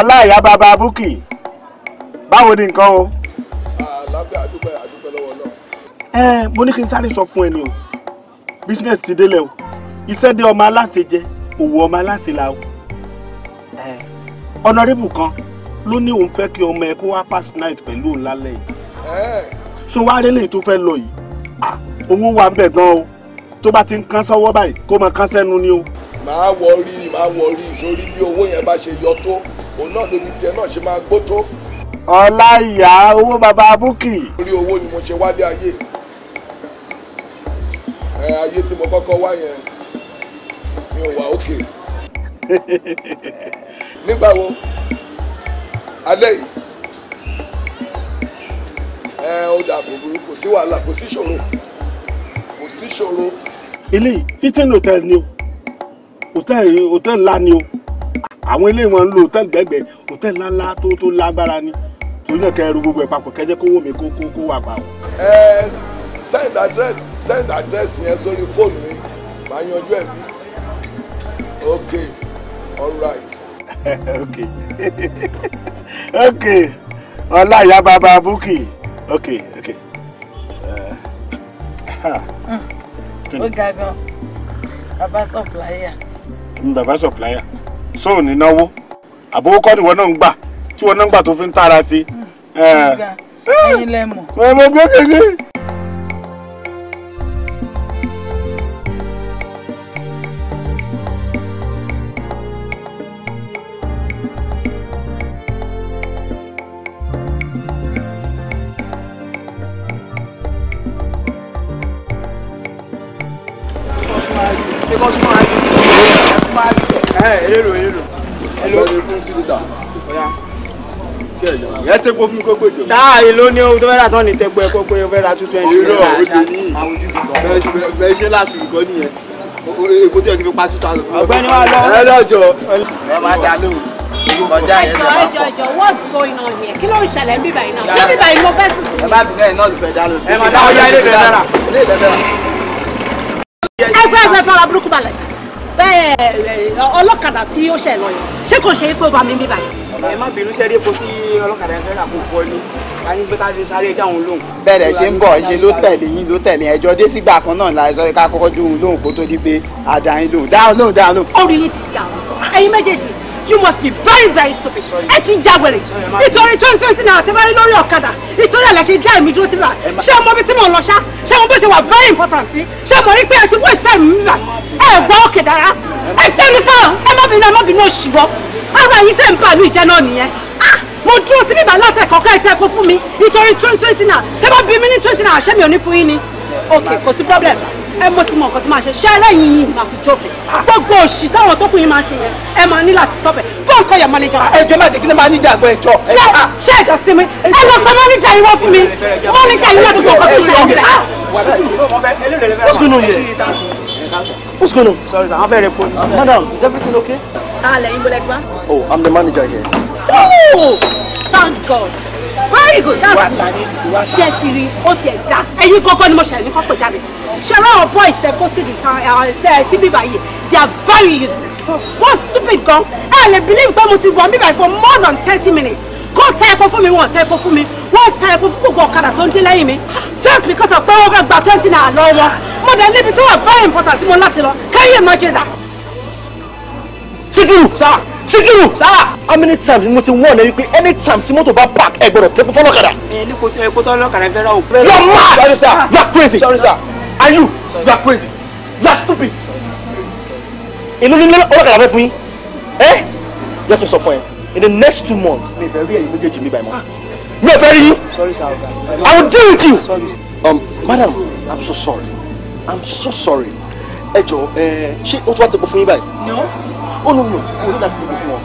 ọlá ìyá bàbá búkì báwo ni nǹkan o. àlàáfíà àdúpẹ́ àdúpẹ́ lọ́wọ́ náà. ẹ mo ní kí n sáré sọ fún ẹ ni o business ti délẹ̀ o iṣẹ́ dé ọmọ aláṣẹ jẹ òwò ọmọ aláṣẹ la o. ọ̀nàrẹ́bù kan ló ní òun fẹ́ kí ọmọ ẹ kó wá pass night pẹ̀lú òun lálẹ́ yìí. so wá rí tó fẹ́ lọ yìí owó wà ń bẹ̀ gan o tó bá ti ń kán sọ́wọ́ báyìí kó máa kán sẹ́nu ni o. màá wọrí màá wọrí sórí bí owó yẹn bá ṣe yọ tó òun náà níbi tiẹ̀ náà ṣe máa gbó tó. ọlá ìyá owó baba búkì. orí owó ni mo ṣe wálé ayé ẹ ayé tí mo kọ́kọ́ wá yẹn mi ò wà òkè. nígbà wo alẹ́ yìí ẹ ó dà búburú kò sí wàhálà kò sí ìṣòro kò sí ìṣòrò. ilé hilton hotel ni o hotel hotel ńlá ni o àwọn ilé wọn ń lo hòtẹ́ẹ̀lì gbẹ́gbẹ́ hòtẹ́ẹ̀lì ńláńlá tó tó lágbára ni torí náà kẹrù gbogbo ẹ̀ papọ̀ kẹjẹ́ kó ẹ send address send address yẹn sórí fóònù mi yanjú ẹ ok all right. ok ok ọlá ìyá bàbá ok ok. ó ga gan bàbá supplier. bàbá supplier. so ò ní náwó àbówó kọ́ ni ìwọ náà ń gbà tí ìwọ náà ń gbà tó fi ń tara sí. ẹyin lẹ mọ̀. mo gbé kékeré. àti kọ́sùn máa rí ẹ̀kú máa rí ẹ̀ èlò èlò. fún sílítà kókó ìjọ. táà èlò ni ohun tó fẹ́ rà tán ní tẹ́gbọ́ ẹ̀kọ́ pé fẹ́ ra two twenty. irọ́ òde ní bẹ́ẹ̀ ṣe láṣù ìkọ́ nìyẹn èkó tí ẹ ti fi pa two thousand. ọ̀gbẹ́ni wa lọ. ẹ lọ́jọ́. ẹ máa dá lóhùn kọjá yẹn lọ. ẹjọ ẹjọ what's going on here kí ló ń ṣẹlẹ̀ ń bíbà yìí náà ṣé bíbà yìí fẹ́ sùn sí. ẹ bá bìnrin náà ló fẹ́ dá lóhùn. ẹ máa dá ọjà ilé ìfẹ́ dára. ilé ìfẹ́ dára ẹgbẹ́ ẹgbẹ́ fara burúkú balẹ̀ bẹ́ẹ̀ eh, ọlọ́kadà tí ó ṣẹ̀ lọ yẹn ṣé kò ṣe é pé ó bá mi bí báyìí. ẹ má bínú ṣe é epo tí ọlọ́kadà yẹn fẹ́ rà kó fọ́ ni ká ní pé ká fi sáré dáhùn lóhùn. bẹ́ẹ̀ ṣe ń bọ̀ ṣe ló tẹ̀lé yín ló tẹ̀lé ẹjọ́ dé sígbà kan náà la ẹ̀sọ́ ká kọ́kọ́ dóhùn lóhùn kó tó di pé àdáyín lóhùn dáhùn lóhùn dáhùn lóhùn. ó rí ní you must be very very stupid ẹ ti já nítorí twenty twenty naira ti bá rí lórí ọ̀kadà nítorí ẹ̀ lẹ ṣe dá èmi dúró síbà ṣé ọmọ bíi tí mò ń lọ ṣá ṣé ọmọ bó ṣe wà very important ṣé mo rí pé ẹ ti wọ́n ìsìlẹ̀ mi bíbà ẹ gbọ́ òkè dára ẹ gbé mi sọ̀rọ̀ ẹ má bínú ẹ má bínú òṣìwọ́ ara yìí tẹ̀ ń bà mí ìjẹ́ náà nìyẹn ah, mo dúró síbí bá látẹ̀kọ́ ká ẹ tẹ́ kó fún mi nítorí twenty twenty naira tẹ́ bá bí mi ní twenty naira ṣé mi ò ní fún yín ni ok kò sí problem ẹ mo ti mọ nǹkan tí máa ṣe ṣe ẹlẹ́yìn yìí máa fi jọ́bẹ̀ ah. gbogbo òṣì táwọn tó kún yín máa ṣe yẹn ẹ máa ní láti tọ́bẹ̀ fún nǹkan yẹn mánéjà. Ah, ẹjọ máa jẹ kí ni máa níjà àgọ ẹjọ. ṣé ah. ẹjọ sí mi ẹ lọ gba mánéjà yìí wọ́n fún mi mánéjà yìí yàtọ̀ sọ̀kọ́ sí ìṣẹ̀lẹ̀. What's going on here? What's going on? Sorry, sir. I'm very poor. Madam, is everything okay? Ah, Oh, I'm the manager here. Oh, thank God very good that's good ṣe ti rí ó ti ẹ̀ dá ẹ̀yin gangan ni mo ṣẹlẹ̀ ní kọ́pọ̀ jáde ṣe ráwọn boys tẹ kó sí sí bíbá yìí they are very useless wọ́n stupid gan ẹ lè believe pé mo ti wọ̀ bíbá for more than thirty minutes kó tẹ epo fún mi wọn tẹ epo fún mi wọn tẹ epo fún gbogbo ọ̀kadà tó ń dé lẹ́yìn mi just because of pé wọ́n fẹ́ gba twenty naira lọ́wọ́ wọn mo dẹ̀ níbi tí wọ́n very important tí mo láti lọ can you imagine that. Sikiru. Sir. Síkírù sir. how many times ni mo ti wọ́n ẹ Any time, tí mọ́tò bá park ẹ gbọ́dọ̀ tẹ́kun fọlọ́kadà. ẹ ní kò tẹ ẹ kó tọ́ lọ́kadà fẹ́ràn o. you are mad sorry sir ah. you are crazy sorry sir and you you are crazy you are stupid. inú ní ọlọ́kadà fẹ́ fún yín ẹ yẹ kí sọ fún ẹ in the next two months mi ò fẹ́ rí ẹ̀yin méjèèjì mi báyìí mọ́ mi ò fẹ́ rí yín I will deal with you. Um, madam I'm so sorry I'm so sorry ẹ jọ ẹ ṣé o tún wá tẹ̀pọ̀ fún yín báyìí oh no no We need that table for wọn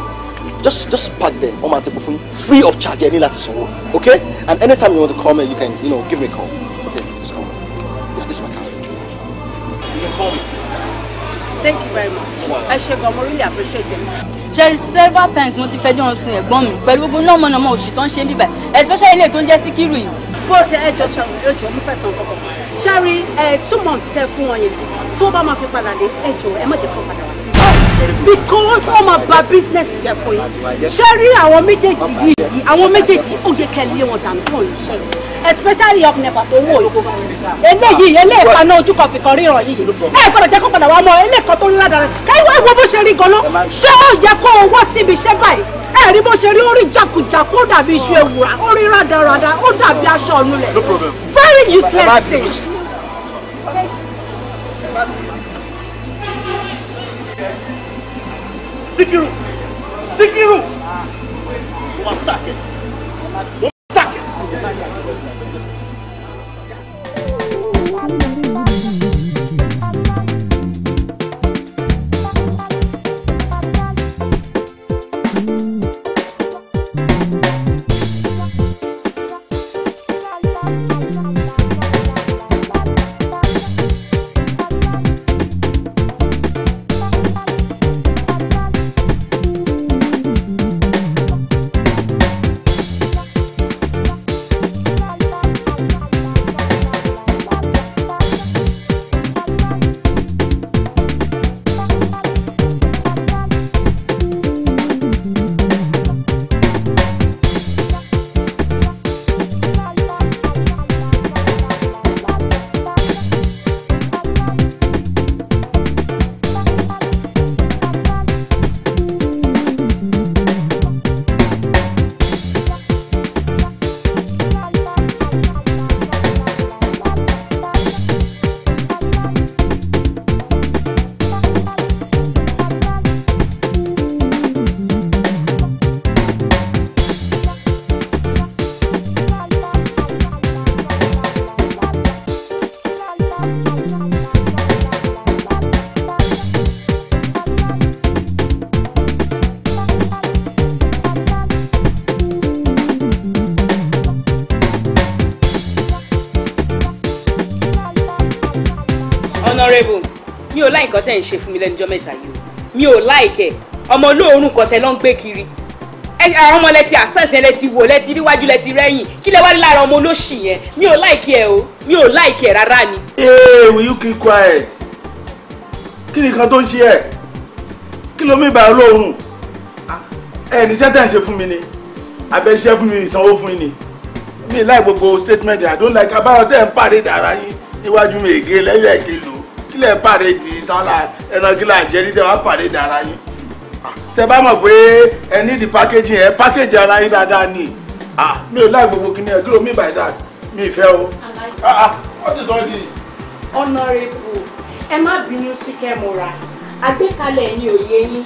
just just pack them on my table for free of charge any ní láti sanwó okay and anytime you want to call me you can you know give me a call okay just call me yeah this is my car. you can call me. thank you very much I shall. gan mo really appreciate it jerry several times mo ti fẹjọ́ wọn sun ẹ̀gbọ́n mi pẹ̀lú gbogbo náà mọ̀nàmọ́ òṣì tó ń ṣe bíbẹ̀ especially ilé tó ń jẹ́ síkírù yìí. bó o ṣe ẹ jọ ṣàwọn ìjọ mo fẹ́ san kọ̀ọ̀kan ṣáà rí two months tẹ fún wọn yẹn tí wọ́n bá máa fi padà dé ẹ jọ ẹ má jẹ́ fún padà wá because ọmọ bá business jẹ fún yín ṣé rí àwọn méjèèjì yìí àwọn méjèèjì ó yẹ kẹ́ lé wọn dànù tó ń ṣe especially up nepa tó wò yìí eléyìí eléyìí paná ojú kan fìkan ríran yìí ẹ gbọ́dọ̀ jẹ́ kó padà wá mọ eléyìí kan tó rí ládàá káyọ̀ ẹ wo bó ṣe rí ganan ṣé ó yẹ kó o wọ́ síbi iṣẹ́ báyìí ẹ rí bó ṣe rí ó rí ó dàbí iṣu ewùrà ó rí ó dàbí aṣọ ọ̀nulẹ̀ very useless thing. Síkírù Síkírù wà sáàkẹ́. nǹkan tẹ̀ ń ṣe fún mi lẹ́nujọ́ mẹ́ta yìí o mi ò láìkẹ́ ọmọ olóòórùn kan tẹ ló ń gbé kiri àwọn ọmọ lẹ́ti àṣẹ̀ṣẹ̀ lẹ́ti wò lẹ́ti ríwájú lẹ́ti rẹ́yìn kí lẹ wá rí lára ọmọ olóṣì yẹn mi ò láìkẹ́ o mi ò láìkẹ́ rárá ni. ee will you keep quiet kí ni nǹkan tó ń ṣe ẹ kí ló mi bá olóòórùn ah, ẹ níṣẹ́ tẹ̀ ń ṣe fún mi ni abẹ́ iṣẹ́ fún mi ìsanwó fún mi ni mi láì gbogbo statement I don't like abáyọ̀ tẹ̀ ń pàdé dára yín níwájú mi ègé lẹ́yìn ẹ̀kẹ́ lò kí lẹ̀ ń pàdé di tán là ẹran gíla jẹ ní tẹ wá pàdé dára yín tẹ bá mọ̀ pé ẹ ní di packaging ẹ package ara yín dáadáa ni mi ò láì gbogbo kíní ẹ kí ló mi by that mi ì fẹ́ o what is all ẹ má bínú sí kẹ́mọ́ra àgbékalẹ̀ ẹ̀yin òye yín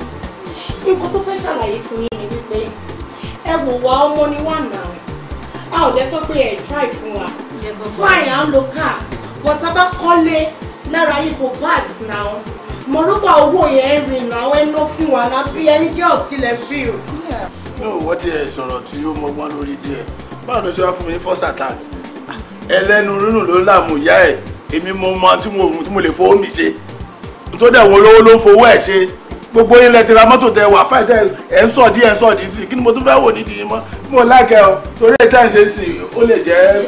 nǹkan tó fẹ́ ṣàlàyé fún yín ni wípé ẹ wò wá ọmọ ni wà náà a ò dẹ́ sọ pé ẹ̀ try fún wa fún àyà ń lo car bọ̀tà bá kọ́lé náírà yìí kò bad now mo rúbà owó yẹn ń rìn náà ẹ ná fún wa náà bí ẹni girls kí lẹ fi o. no wọ́n ti ẹ̀ sọ̀rọ̀ tí ó mọgbọ́n lórí díẹ̀ báwo ló ṣe wá fún mi ní first attack ẹlẹ́nu rírùn ló láàmú ìyá ẹ̀ èmi mo mọ tí mo rùn tí mo lè fowó mi ṣe tó dẹ̀ wọ́n olówó ló ń fowó ẹ̀ ṣe gbogbo ilẹ̀ ti ra mọ́tò tẹ wà fáìtẹ́ ẹ̀ ń sọ̀dí ẹ̀ ń sọ̀dí sí kí ni mo tún fẹ́ wò nídìí mọ́ mo láìkẹ́ ọ torí ètò ẹ̀ ń ṣe sí ó lè jẹ́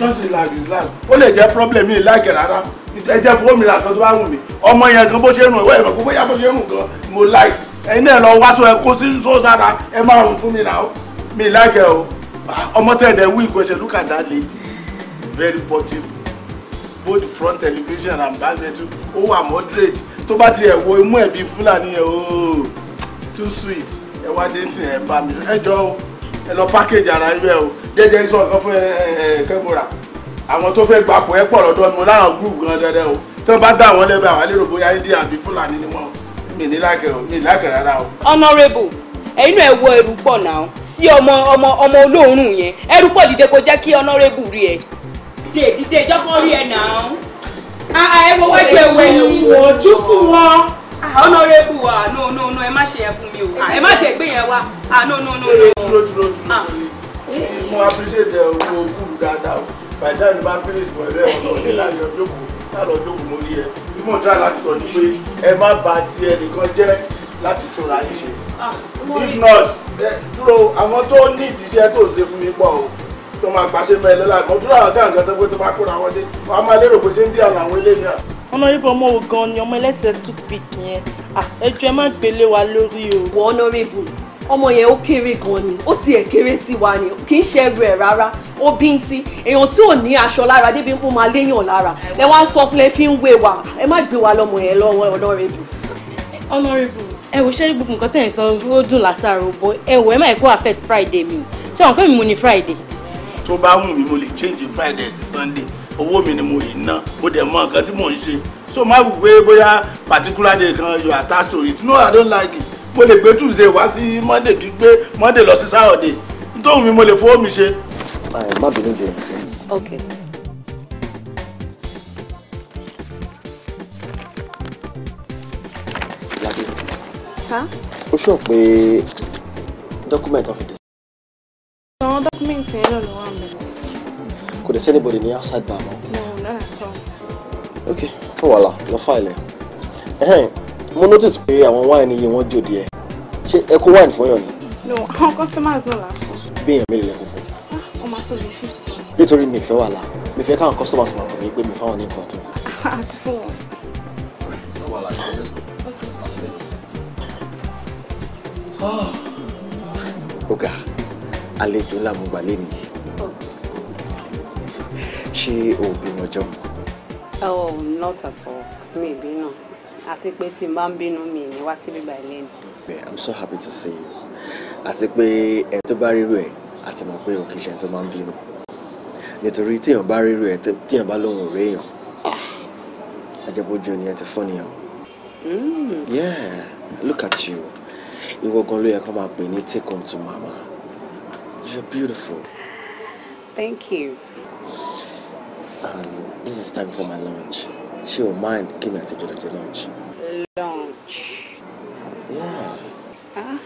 just relax relax ó lè jẹ́ problem mi láìkẹ́ rárá ẹ jẹ́ fún òmìnira kan tó bá wù mí ọmọ yẹn kan bó ṣe rùn ìwé ìmọ̀ kó bóyá bó ṣe rùn gan mo láì ẹ̀yin náà lọ wá sọ ẹ kó sí sóòsára ẹ máa rùn fún mi náà mi láìkẹ́ o ọmọ tẹ̀dẹ̀ wí ìgbọ̀nsẹ̀ look at that lady very portable both front television and back bedroom ó wà moderate tó bá ti ẹ̀ imú ẹ̀ bíi fúlàní ẹ̀ ooo oh, too sweet ẹ wá dé sí ẹ̀ bá mi ẹ jọ ẹ lọ package ara yín bẹ́ẹ̀ o jẹ́jẹ́ sọ̀kan fún ẹ ẹ kẹ́mọ́ra àwọn tó fẹ́ gbapò ẹ pọ̀ lọ́dọ̀ mo láwọn gúrùpù gan dandan o tí wọ́n bá dá àwọn lẹ́bàá wà lérò bóyá India àbí Fúlàní ni wọ́n mi ní lákẹ̀ mi ní lákẹ̀ rárá o. honourable ẹ̀yin náà ẹ wọ ẹrù pọ̀ náà sí ọmọ ọmọ ọmọ olóòórùn yẹn ẹrù pọ̀ dìde kó jẹ́ kí honourable rí ẹ. dìde jọ́pọ̀ rí ẹ náà. àà ah, ah, ẹ wọ́wọ́ jẹ wẹ̀yìn ojú fún wọn. Ah, honourable no no no ẹ má ṣe yẹn fún mi o ẹ má tẹ̀ no no no. Eh, by the time you bá finish pẹ̀lú ẹ̀ ọ̀dọ̀ ọ̀dẹ̀ láàrin ọjọ́ kù láàrin ọjọ́ kù lórí ẹ̀ bí mo dá láti sọ ni pé ẹ má bà ti ẹnìkan jẹ́ láti túnra yín ṣe ah, if not eh, dúró àwọn tó ní ìdíṣẹ́ tó ṣe fún mi pọ̀ o tó máa gbàṣẹ mẹ́rin lọ́la kan dúró àwọn táwọn kan tó pé tó bá kóra wọlé wàá máa lérò pé ṣé ń dí àwọn àwọn eléyìí náà honorable ọmọ wo gan ni ọmọ ẹlẹ́sẹ̀ toothpick yẹn ah, ẹjọ́ ẹ má gbélé wa lórí o. wọ́n honorable ọmọ yẹn ó kéré gan ni ó tiẹ̀ kéré sí wa ni kì í ṣẹ́rù ẹ̀ rárá ó bíntín èèyàn tí ò ní aṣọ lára débi ń fún máa léyàn lára ẹ wá ń sọ pé fi ń wé wa ẹ má gbé wa lọmọ yẹn lọ́wọ́ ọlọ́rẹ́dù. ọlọ́rẹ́dù ẹ wò ṣẹ́rí gbogbo nǹkan tẹ̀ ń sọ ó dùn látàrọ bó ẹ wò ẹ má kó affect friday mi o tí wọn pè mí mo ní friday. tó bá wù mí mo lè change friday sí sunday owó mi ni mo yìí ná mo dẹ̀ mọ nǹkan tí mò ń ṣe so má wù pé bóyá particular day kan you attach to it no i don't like it mo lè gbé tuesday wá sí monday kí gbé monday lọ sí saturday nítorí mi mo lè fowó mi ṣe. má bínú jẹ ẹ. ok. ó sọ pé dọ́kúmẹ̀ntì ọ̀fìdì. àwọn dọ́kúmẹ̀ntì yẹn náà wà mẹ́rin. kò dé sẹ́nibọ̀dì ní outside bar mọ́. ok fún wàhálà lọ fáìlì mo notice pé àwọn wáìnì yìí wọ́n jò díẹ̀ ṣé ẹ kó wine fún yàn ni. no àwọn customers náà là ń fún. bí èèyàn mélòó lè kó fún. Ah, ó máa tó bí fifty. nítorí mi fẹ́ wàhálà mi fẹ́ káwọn customers máa pè mí pé mi fáwọn ní nǹkan tó. àti fún wọn. ọ̀gá àlejò ńlá mo gbà lẹ́nu yìí oh. ṣé òbí ọjọ́. oh not at all maybe náà. No àti pé tí n bá ń bínú mi ní wá síbí báyìí lẹ́nu. i'm so happy to see you àti pé ẹni tó bá rírò ẹ àti mọ̀ pé òkè ṣe ẹni tó máa ń bínú nítorí téèyàn bá rírò ẹ téèyàn bá lóhùn òré èèyàn ajẹ́bójú ah, ènìyàn ti fọ́ nìyàn. Hmm. yeah look at you ìwọ gan ló yẹ kó máa pè ní take home to mama you're beautiful. thank you. and this is time for my lunch ṣé o mind kí mi àti ìjọba jẹ lunch. lunch. Yeah. Huh? Ah.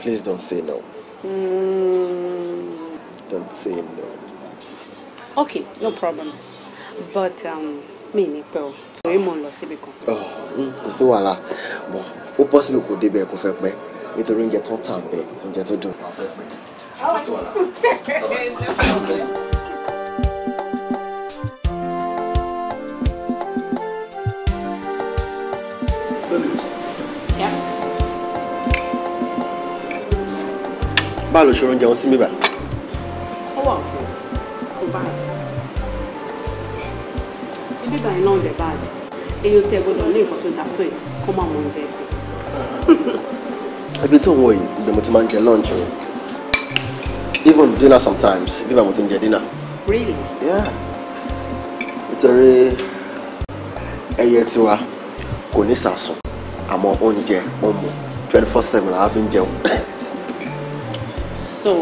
Please don't say no. Mm. Don't say no. Okay, no problem. But um, mi ni pẹ́ o torí mò ń lọ síbi kan. Oh, hmm, kò sí wàhálà bọ̀ ó possible kò débẹ̀ kò fẹ́ pẹ́ nítorí oúnjẹ tó ń tà oúnjẹ tó dùn. Voilà. báà ló ṣòro jẹun sí mi báyìí. ó wà òkè kò báyìí ibi báyìí náà lè báyìí èyí ò tiẹ̀ gbọdọ̀ ní nǹkan tó dà tó yìí kó even dinner sometimes bí bàmú ti ń dinner. really. yeah nítorí a. tiwa kò ní sàsùn àmọ́ oúnjẹ ó mú twenty four seven làá fi ń so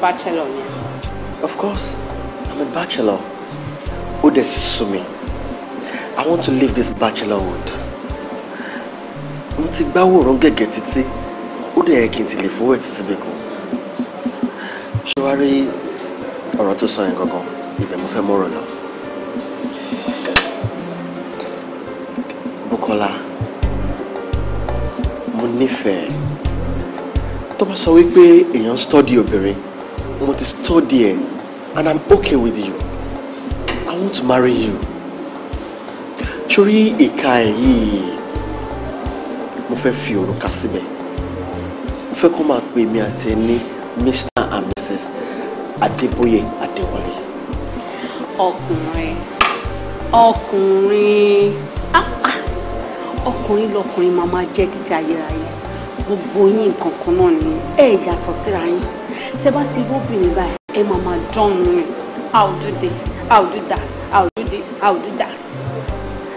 bachelor ni. of course i'm a bachelor Who dẹ̀ ti sú i want to leave this bachelorhood mo ti gbáwòrán gẹ́gẹ́ títí ó dẹ̀ yẹ e n ti lè fowó ẹ̀ títí bí ṣé wàá rí ọ̀rọ̀ tó sọ yẹn gangan ibẹ̀ mo fẹ́ mọ̀rọ̀ lọ. Bùkọ́lá mo nífẹ̀ẹ́ tó bá sọ wípé èèyàn study obìnrin mo ti study ẹ̀ and I'm okay with you I want to marry you sórí ìka ẹ̀ yìí mo fẹ́ fi òrùka síbẹ̀ mo fẹ́ kó máa pè mí àti ẹni mr. Adébóyè Adéwọlé. ọkùnrin ọkùnrin ah, ah. ọkùnrin lọkùnrin máa máa jẹ́ títí ayérayé gbogbo yín nǹkan kan náà ni ẹ yàtọ̀ síra yín tẹ bá ti róbìnrin báyìí ẹ máa máa dánwò rìn how do this how do that how do this how do that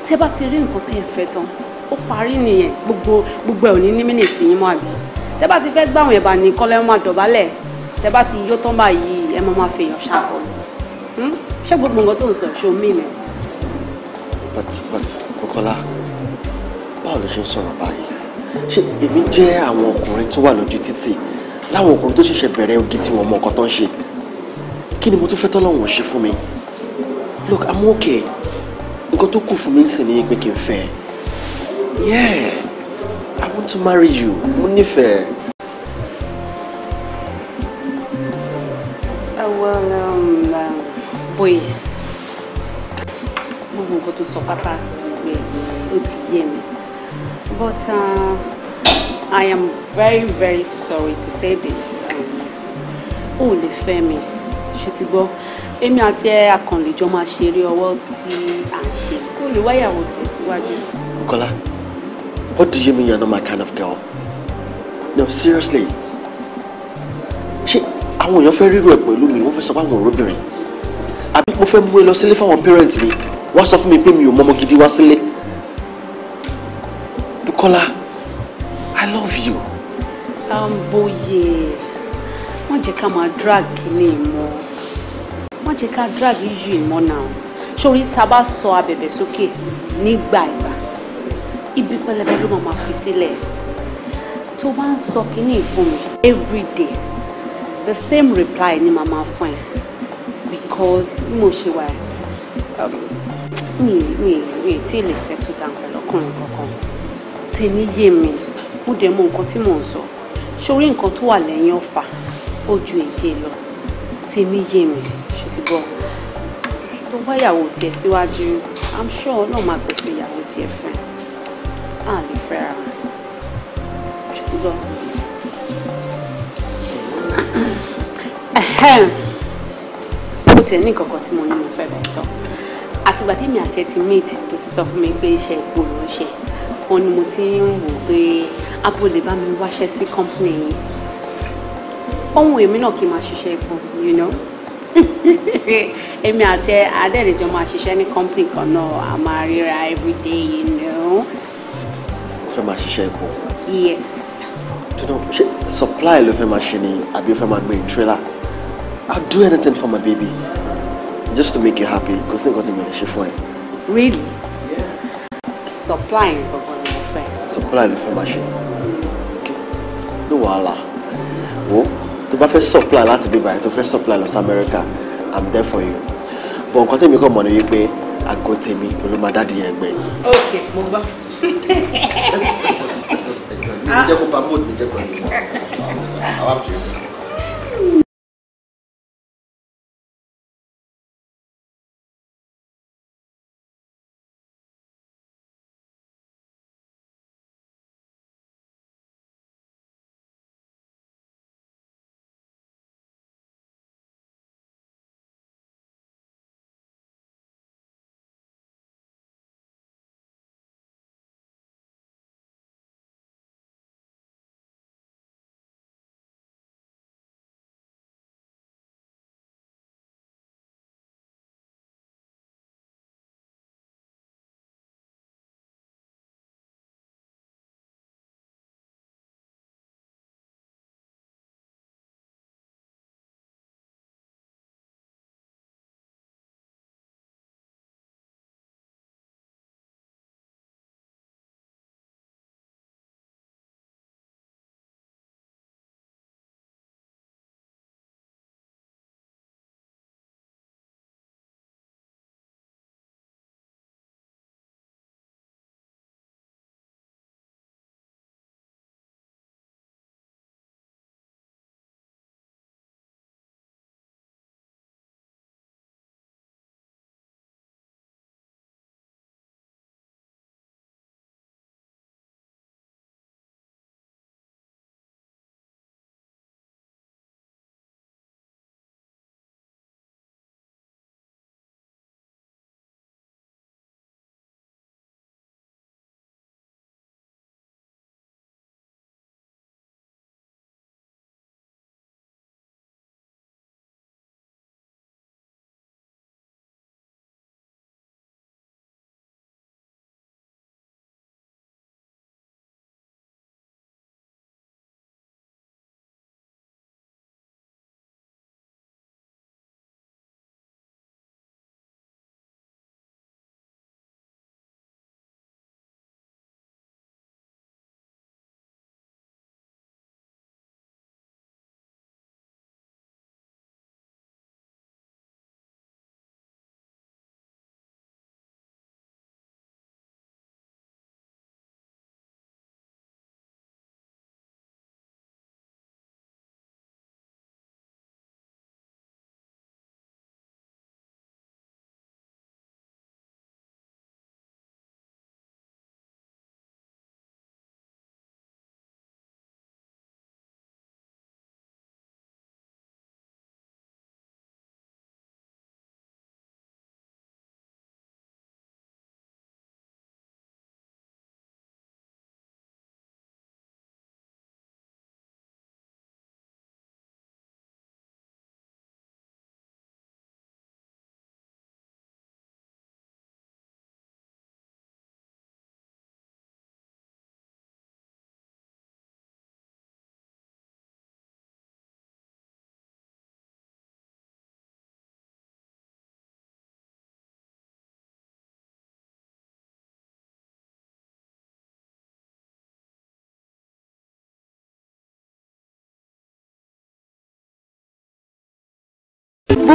tẹ bá ti rí nǹkan tẹ́ ẹ fẹ́ tán ó parí nìyẹn gbogbo gbogbo ẹ̀ ò ní ní mínítì yín mọ́ àbí tẹ bá ti fẹ́ gbàwọn ẹ̀ bá ní kọ́lẹ́ máa dọ̀bálẹ̀ tẹ bá ti yó tán báyìí ẹ máa máa fèèyàn ṣàkọ hmm? ṣé gbogbo nǹkan tó ń sọ ṣó mí yẹn. but but Kọ́kọ́lá báwo ló ṣe ń sọ̀rọ̀ báyìí ṣé èmi jẹ́ àwọn ọkùnrin tó wà lójú títì láwọn ọkùnrin tó ṣẹ̀ṣẹ̀ bẹ̀rẹ̀ oge tí wọ́n mọ nǹkan tó ń ṣe kí ni mo tún fẹ́ tọ́lọ́wọ̀n ṣe fún mi look i'm okay nǹkan tó kù fún mi ń sìn ní pé kí n fẹ́ yeah i want to marry you mo nífẹ̀ẹ́. Papa, gbé ó ti but uh, I am very very sorry to say this um, ó lè fẹ́ mi Emi ati gbọ́ èmi àti ẹ akànlèjọ máa ṣeré ọwọ́ tí à ń ṣe kó lè wáyàwó Bukola, what do you mean you're not my kind of girl? No, seriously. ṣé àwọn èèyàn fẹ́ rírò ẹ̀ pẹ̀lú mi wọ́n fẹ́ sọ fún àwọn òróbìnrin àbí mo fẹ́ mú ẹ lọ sílé fáwọn parents mi wá sọ fún mi pé mi ò mọmọ gidi wá sílé Bukola I love you. Amboye um, wọ́n jẹ́ ká máa drag kìíní ìmọ̀ wọ́n jẹ́ ká drag iju ìmọ̀ náà sórí tá a bá sọ abẹ̀bẹ̀ sókè nígbà ìgbà ibi pẹlẹbẹ ló máa fi sílẹ̀ tó bá ń sọ kìíní fún mi every day the same reply ni màá máa fún ẹ because mo ṣe wà. Um, mi mi mi tí lè settle down pẹ̀lú ọkùnrin kankan tèmi yé mi mo dẹ̀ mọ nǹkan tí mò ń sọ sórí nǹkan tó wà lẹ́yìn ọ̀fà ó ju èjé lọ tèmi yé mi ṣó ti gbọ́ tó bá ìyàwó tiẹ̀ síwájú i'm sure náà máa pèsè ìyàwó tiẹ̀ fún ẹ á lè fẹ́ra ṣó ti gbọ́. ó tiẹ̀ ní nǹkan kan tí mo ní mo fẹ́ bẹ̀ So àtìgbà tèmi àti ẹ ti meet tó ti sọ fún mi pé iṣẹ́ ìpò ló ń ṣe wọn ni mo ti ń wò pé abo lè bá mi wáṣẹ́ sí company yìí ohun èmi náà kì í máa ṣiṣẹ́ epo you know èmi àti adẹ́rẹ́jọ máa ṣiṣẹ́ ní company kan náà a máa ríra everyday you know. o fẹ́ máa ṣiṣẹ́ epo. yes. dunu ṣe supply ló fẹ́ máa ṣe ni àbí o fẹ́ máa gbé trailer I'll do anything for my baby just to make you happy because they got tí mo for ṣe really yeah. supply gbọ̀ngàn ni mo fẹ́. supply ló fẹ́ máa ṣe ní wàhálà wo tó bá supply, that's to be ẹ To fẹ́ supply lọ America I'm there for you But you bọ̀ nǹkan tèmi kàn mọ̀ ní wípé àgọ́ tèmi ló máa dáàdi yẹn gbẹ̀yìn. ok mo gbọ́. ẹsẹ̀ ẹsẹ̀ ẹsẹ̀ ẹ̀jọ̀ ní ìjẹ́kùpá mọ́ọ̀dù ìjẹ́kùpá mọ́ọ̀dù àwọn àfihàn.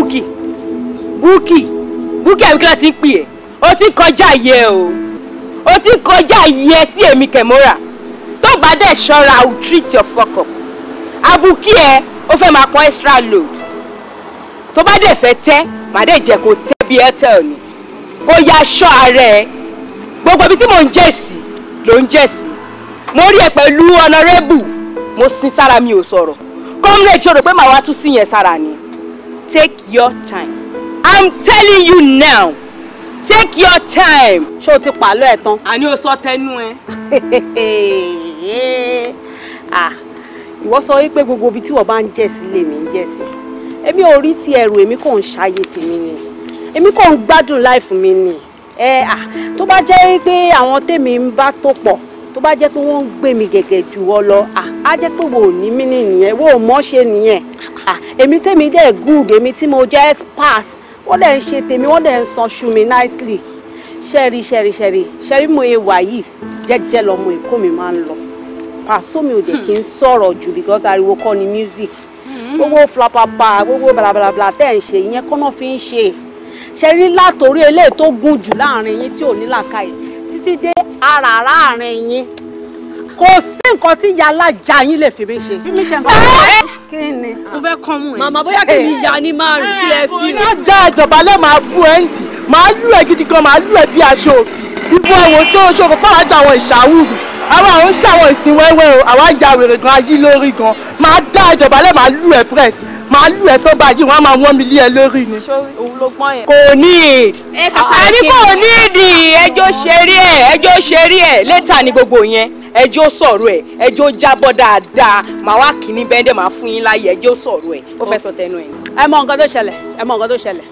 búkì búkì búkì àbíkí láti ń pè ẹ́ o ti kọjá yẹ o o ti kọjá yẹ sí èmi kẹmọ́ra tó bá dẹ̀ ṣọ́ra i will treat your fuck up abúkí ẹ o fẹ́ máa pọ́n extra load tó bá dẹ̀ fẹ́ tẹ́ màá dẹ̀ jẹ́ kó tẹ́ bí airtel ni kó ya aṣọ ara ẹ gbogbo ibi tí mò ń jẹ̀sì ló ń jẹ̀sì mo rí ẹ pẹ̀lú honorable mo sin sára mi ò sọ̀rọ̀ comrade ṣòro pé màá wá tún sí yẹn sára ni take your time i'm telling you now take your time. ṣé o ti pàlọ́ ẹ̀ tán. àní o sọ tẹnu ẹ. Ah, ìwọ sọ wípé gbogbo ibi tí wọ́n bá ń jẹ́ sí lèmi ń jẹ́ sí èmi ò rí ti ẹrù èmi kò ń ṣàyè tèmi ni èmi kò ń gbádùn láìfù mi ni eh, ah, tó bá jẹ́ pé àwọn tèmi ń bá tó pọ̀ tó bá jẹ́ pé wọ́n ń gbé mi gẹ̀gẹ̀ jù ọ lọ á jẹ́ pé wò ó ní mí nìyẹn wò ó mọ́ ṣe nìyẹn èmi tèmi dẹ̀ good èmi tí mo jẹ́ expert wọ́n dẹ̀ ń ṣe tèmi wọ́n dẹ̀ ń san ṣu mi nicely ṣẹ́ẹ̀rí ṣẹ́ẹ̀rí ṣẹ́ẹ̀rí ṣẹ́ẹ̀rí mo ye wà yìí jẹ́jẹ́ lọ́mọ èkó mi máa ń lọ pàṣọ mi ò dẹ̀ kí n sọ̀rọ̀ jù because ariwo kọ́ ni music hmm. gbogbo flapapa gbogbo blablabla tẹ́ ń ṣe ìyẹn kọ́nà fi ń ṣe ṣẹ́ẹ̀rí látòrí eléyìí tó gùn jù láàrin yín tí ò ní làkàyè títí dé ara ara àárín yín kò sí nǹkan tí yàrá jà yín lè fi mí ṣe. fi mí ṣe nǹkan tó kí ni. mo fẹ́ kọ́ mu ẹ̀. màmá bóyá kí mi ya ni máa rìn kílẹ̀ fi. má dá ìdọ̀bálẹ̀ máa bú ẹ̀ ń dì máa lù ẹ̀ gidi gan máa lù ẹ̀ bí aṣọ òfin. ibo ẹ̀wọ̀n tí ó ṣòfò fáwọn àjọ àwọn ìṣàwùrù àwọn àwọn ń ìsìn wẹ́wẹ́ o àwọn àjà wèrè gan ají lórí gan máa dá ìdọ̀bálẹ̀ máa lù ẹ̀ press máa lù ẹ tó bàjẹ́ wọn á máa wọ́n mi lé ẹ lórí ni. kò ní àní kò ní ìdí ẹjọ́ ṣeré ẹ ẹjọ́ ṣeré ẹ létà ni gbogbo yẹn ẹjọ́ sọ̀rọ̀ ẹ ẹjọ́ jábọ́ dáadáa màá wá kìíní bẹ́ńdẹ̀ máa fún yín láyé ẹjọ́ sọ̀rọ̀ ẹ ó fẹ́ sọ tẹnu ẹ. ẹ mọ nǹkan tó ṣẹlẹ̀ ẹ mọ nǹkan tó ṣẹlẹ̀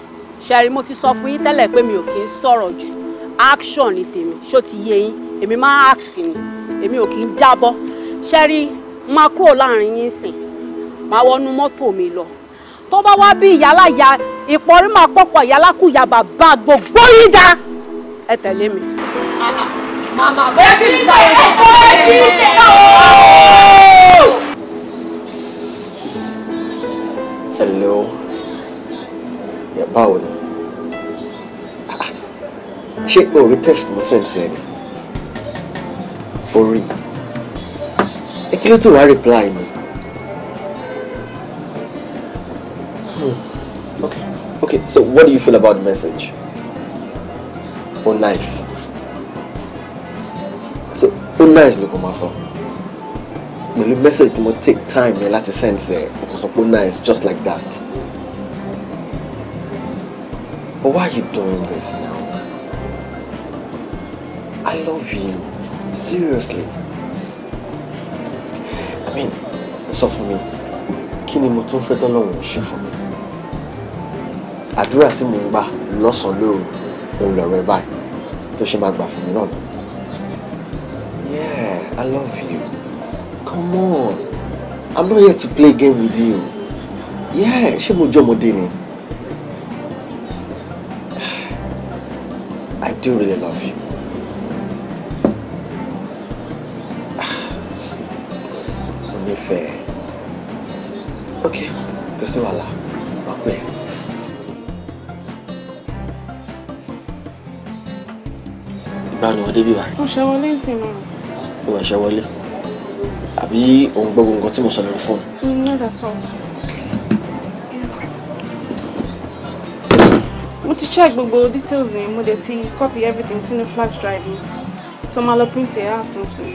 ṣẹ̀rí mo ti sọ fún yín tẹ́lẹ̀ pé mi ò kì í sọ̀rọ̀ jù action ni tèmi ṣó ti yé yín èmi máa act ni èmi ò kì í jábọ́ ṣẹ́rí máa kúrò láàrin yín sìn máa wọnú mọ́tò mi lọ tó bá wá bí ìyálàyà ìpọ́nrí máa pọ̀pọ̀ ìyálákùyà bàbá gbogbo yín dá ẹ tẹ̀lé mi. màmá bẹ́ẹ̀ kí n sáré lọ́wọ́ kí n tẹ̀lé o. hello yẹ báwo ni ah, ah. ṣé o test text mo sẹ́ǹtì ẹ ni o rí i kí ló tó wá reply mi. Hmm. Okay. Okay. So, what do you feel about the message? Oh, nice. So, oh, nice, ló kọ máa sọ. message tí mo take time yẹn láti sense ẹ̀, Because oh nice just like that. But why are you doing this now? I love you. Seriously. I mean, sọ fún mi, kí ni mo tún fẹ́ tọ́lọ́run àdúrà tí mò ń gbà lọ́sàn-án lóru òun lọ̀rọ̀ ẹ báyìí tó ṣe máa gbà fún mi náà ni. yeah i love you come on i'm not here to play game with you yeah ṣé mo jọmọdé ni. i do really love you. mo nífẹ̀ẹ́ ok kò sí wàhálà wà pẹ́. báwo ni wọ́n débi wa. mo ṣe wọlé ìsìn náà. o wà ṣe wọlé àbí òun gbọ́ gbogbo nǹkan tí mo sọ lórí fóònù. all. mo ti check gbogbo details yẹn mo dẹ̀ ti copy everything sínú flash drive mi so máa lọ print ẹ̀ out nsìn.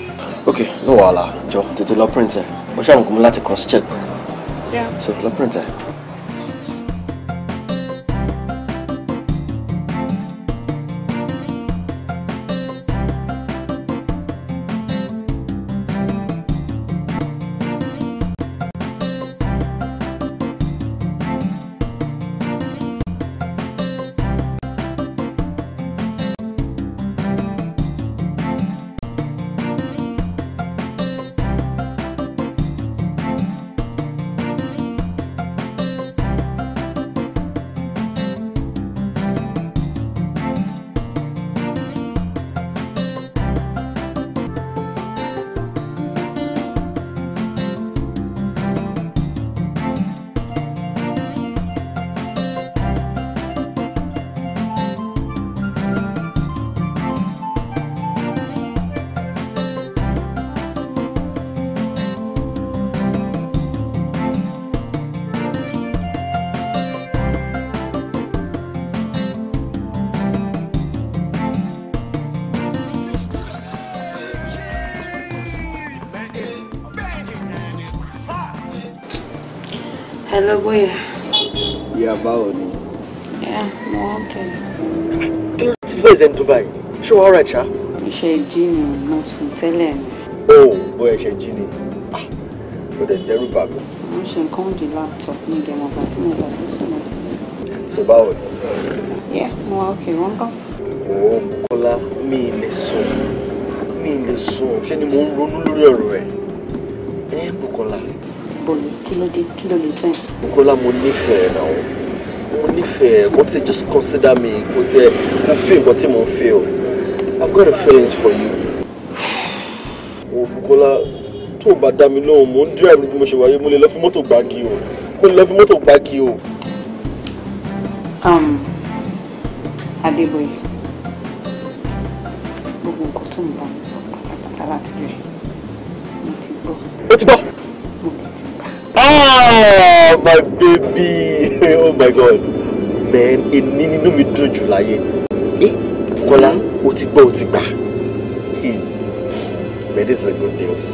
ok no wàhálà jọ tètè lọ print ẹ mo ṣàmùkú mi láti cross check. Yeah. so lọ print ẹ. lọ́gbọ́n yẹn. ìyá báwo ni. mo wá kẹ́. kí ló ti fẹ́ ẹ̀sẹ̀ ń tún báyìí ṣé wàá rẹ̀ ṣá. iṣẹ́ ìjí ni mo sùn tẹ́lẹ̀ ni. o bó ẹ̀ṣẹ̀ jí ni ah, ó dẹ̀ dẹ́rù bà mí. mo ṣe nǹkan òdì laptop ní ìgbìmọ̀ ọ̀gá tí mo gbà tó sùn lọ sí. ṣe báwo ni. mo wá kẹ́ wọ́n kàn. òun kọ́lá mi ì lè sùn mi ì lè sùn ṣé ni mo ń ronú lórí ọ̀rọ̀ ẹ̀ ló dé kí ló lè fẹ́. Bùkọ́lá mo nífẹ̀ẹ́ náà mo nífẹ̀ẹ́ wọ́n ti just consider me kò tiẹ̀ mo fi nǹkan tí mo ń fẹ́ o I've got a feeling for you. Wo Bùkọ́lá tó o bá dá mi lóhùn mo ń drive ní bí mo ṣe wáyé mo lè lọ fi mọ́tò gbági o mo lè lọ fi mọ́tò gbági o. Um, Adébóyè gbogbo nǹkan tó ń bá mi sọ pátápátá láti rẹ̀ mo ti gbọ́. ó ti gbọ́ ah oh my baby oh my god man èmi nínú mi dùn jù láyé ẹ eh, Bukola o ti gbọ́ o ti gbà but this is a good news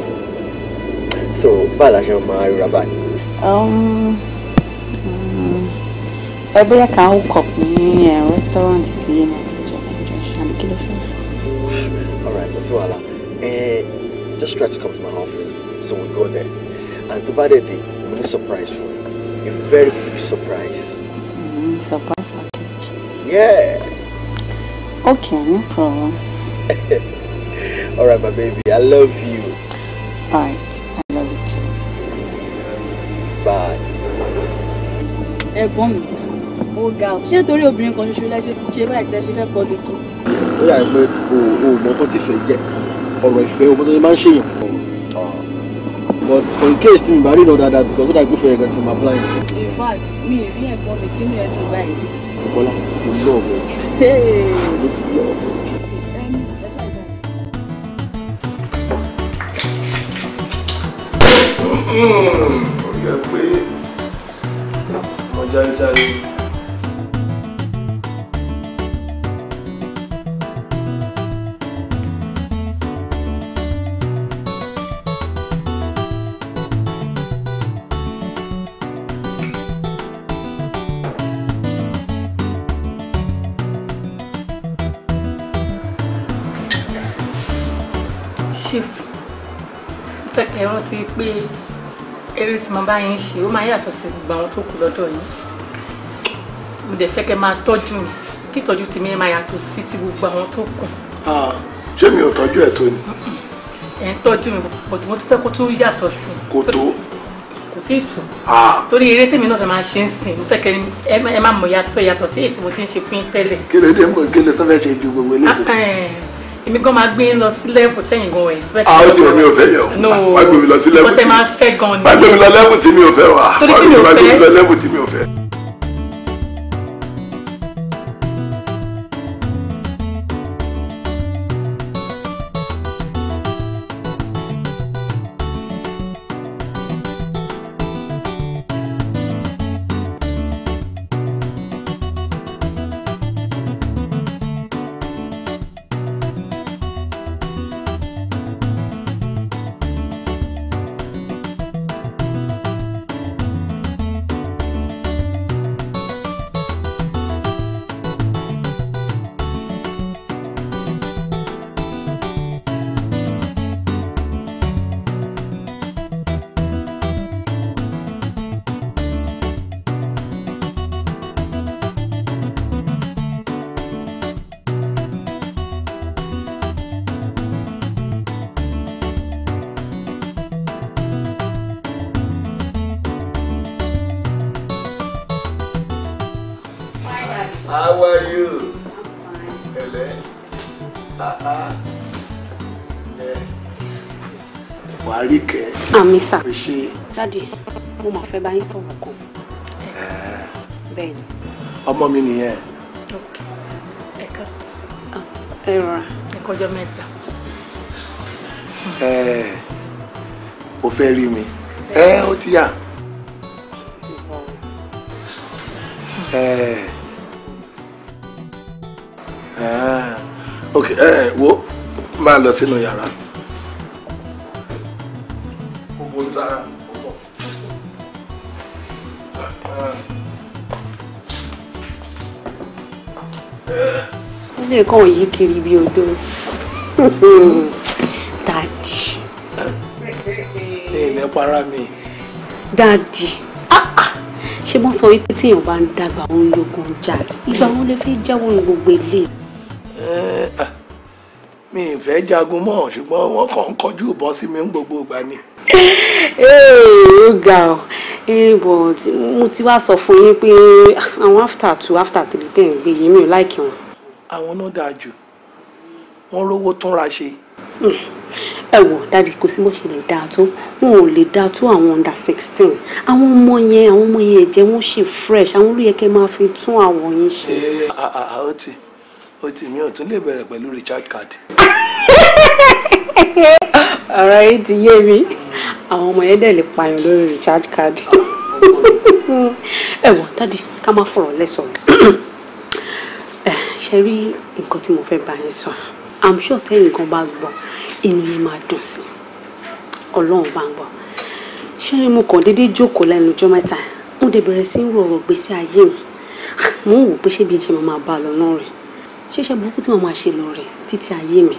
so báà la ṣe máa ríra báyìí. Um, mm, ẹ bóyá kà á hook up ní eh, restaurant tí yẹn máa ti jọ ẹjọ àbí kí ló fẹ́. all right kò sí wàhálà eh, just try to come to my office so we go there and tó bá dẹ̀ dé mo ní surprise for you a very big surprise. Mm, surprise package. yeah. okay no problem. all right my baby i love you. all right i love you too. bye. ẹ̀gbọ́n mi ó ga ọ ṣé torí obìnrin kan ṣoṣo She ṣe báyìí tẹ́ ṣe fẹ́ kọ́ lójú. ó yà pé o ò mọ tó ti fẹ́ jẹ ọ̀rọ̀ ìfẹ́ ọmọdé máa ń ṣèyàn but for in case tí mi bá rí lọ dáadáa because ó dàgbé fún ẹ̀gàn tí mo apply. in fact me, ì rí ẹ̀gbọ́n mi kí ni ẹ ti báyìí. Bọ́lá mo lọ ọ̀rọ̀ jù mo ti lọ ọ̀rọ̀ jù. ó yẹ pé ọjà ìdáyé. pé eré tí mo bá yín ṣe ó máa yàtọ̀ sí gbogbo àwọn tó kù lọ́dọ̀ yìí mo dẹ̀ fẹ́ kẹ́ máa tọ́jú mi kí ìtọ́jú tèmi máa yàtọ̀ sí ti gbogbo àwọn tó kù. ṣé mi ò tọ́jú ẹ̀ tó ni. ẹ̀ ń tọ́jú mi kò tó mo ti fẹ́ kó tún yàtọ̀ sí i. kò tó. kò tí ì tó. torí eré tèmi náà fẹ́ máa ṣe ń sìn mo fẹ́ kẹ́ ẹ má mọ̀ yàtọ̀ yàtọ̀ sí èyí tí mo ti ń ṣe fún yín tẹ́lẹ̀. kí ló dé mọ̀ kí ló tó fẹ́ ṣe ibi gbogbo eléyìí. Ah, eh èmi gan máa gbé lọ sí lẹ́fù tẹ̀yìn gan ẹ̀ síbẹ̀. a ó ti rẹ̀ mi ò fẹ́ yẹ̀ o wá gbé mi lọ sí lẹ́fù tí mi ò fẹ́ wá gbé mi lọ lẹ́fù tí mi ò fẹ́ wá gbé mi lọ lẹ́fù tí mi ò fẹ́. mi sà. ṣe. dáàdì mo máa fẹ́ bá yín sọ̀rọ̀ kan. bẹ́ẹ̀ ni. ọmọ mi nìyẹn. ẹ kà sí. Ah, ẹ rọra. ẹ kọjá mẹ́ta. o fẹ́ rí mi. ẹ ó ti yà. Ah. ok ẹ wo máa lọ sínú yàrá. lè kàn yí kiri bí odó dadi. ilẹ̀ para mi. dadi ah, ah. ṣé wọ́n sọ wípé tí èèyàn bá ń dàgbà òun yókùn jà ìgbà wọn lè fi jáwọ́ ní gbogbo ilé. Ah. mi ì fẹ́ jagun mọ́ ṣùgbọ́n wọ́n kàn ń kọjú ìbọn sí mi ń gbogbo ìgbà ni. ó ga ọ mo ti wá sọ fún yín pé àwọn after two after three ten gbé yìí mi ò láìkí wọn àwọn náà dáa jù wọ́n rówó túnra ṣe. Hmm. ẹ wò dájú kò sí bó ṣe lè dáa tó wọn ò lè dáa tó àwọn under sixteen àwọn ọmọ yẹn àwọn ọmọ yẹn ẹ̀jẹ̀ wọn ṣì fresh àwọn olóyè kẹ́ máa fi tún àwọ̀ yín ṣe. ó ti ó ti mi ò tún lè bẹ̀rẹ̀ pẹ̀lú recharge card. ọ̀rọ̀ yìí ti yé mi àwọn ọmọ yẹn dẹ̀ lè pààyàn lórí recharge card. ẹ wò dájú ká má fọ̀rọ̀ lẹ́sọ̀ọ́. ṣe rí nǹkan tí mo fẹ́ bá yín sọ i'm sure tẹ́yìn kan bá gbọ́ inú yín máa dùn sí ọlọ́run bá ń gbọ́ ṣé mo kàn déédéé jókòó lẹ́nu ọjọ́ mẹ́ta mo dẹ̀ bẹ̀rẹ̀ sí ń rò ọ̀rọ̀ gbèsè ayé mi mo ń wò pé ṣé bí n ṣe máa bá a lọ náà rẹ̀ ṣíṣe burúkú tí wọ́n máa ṣe lọ rẹ̀ títí ayé mi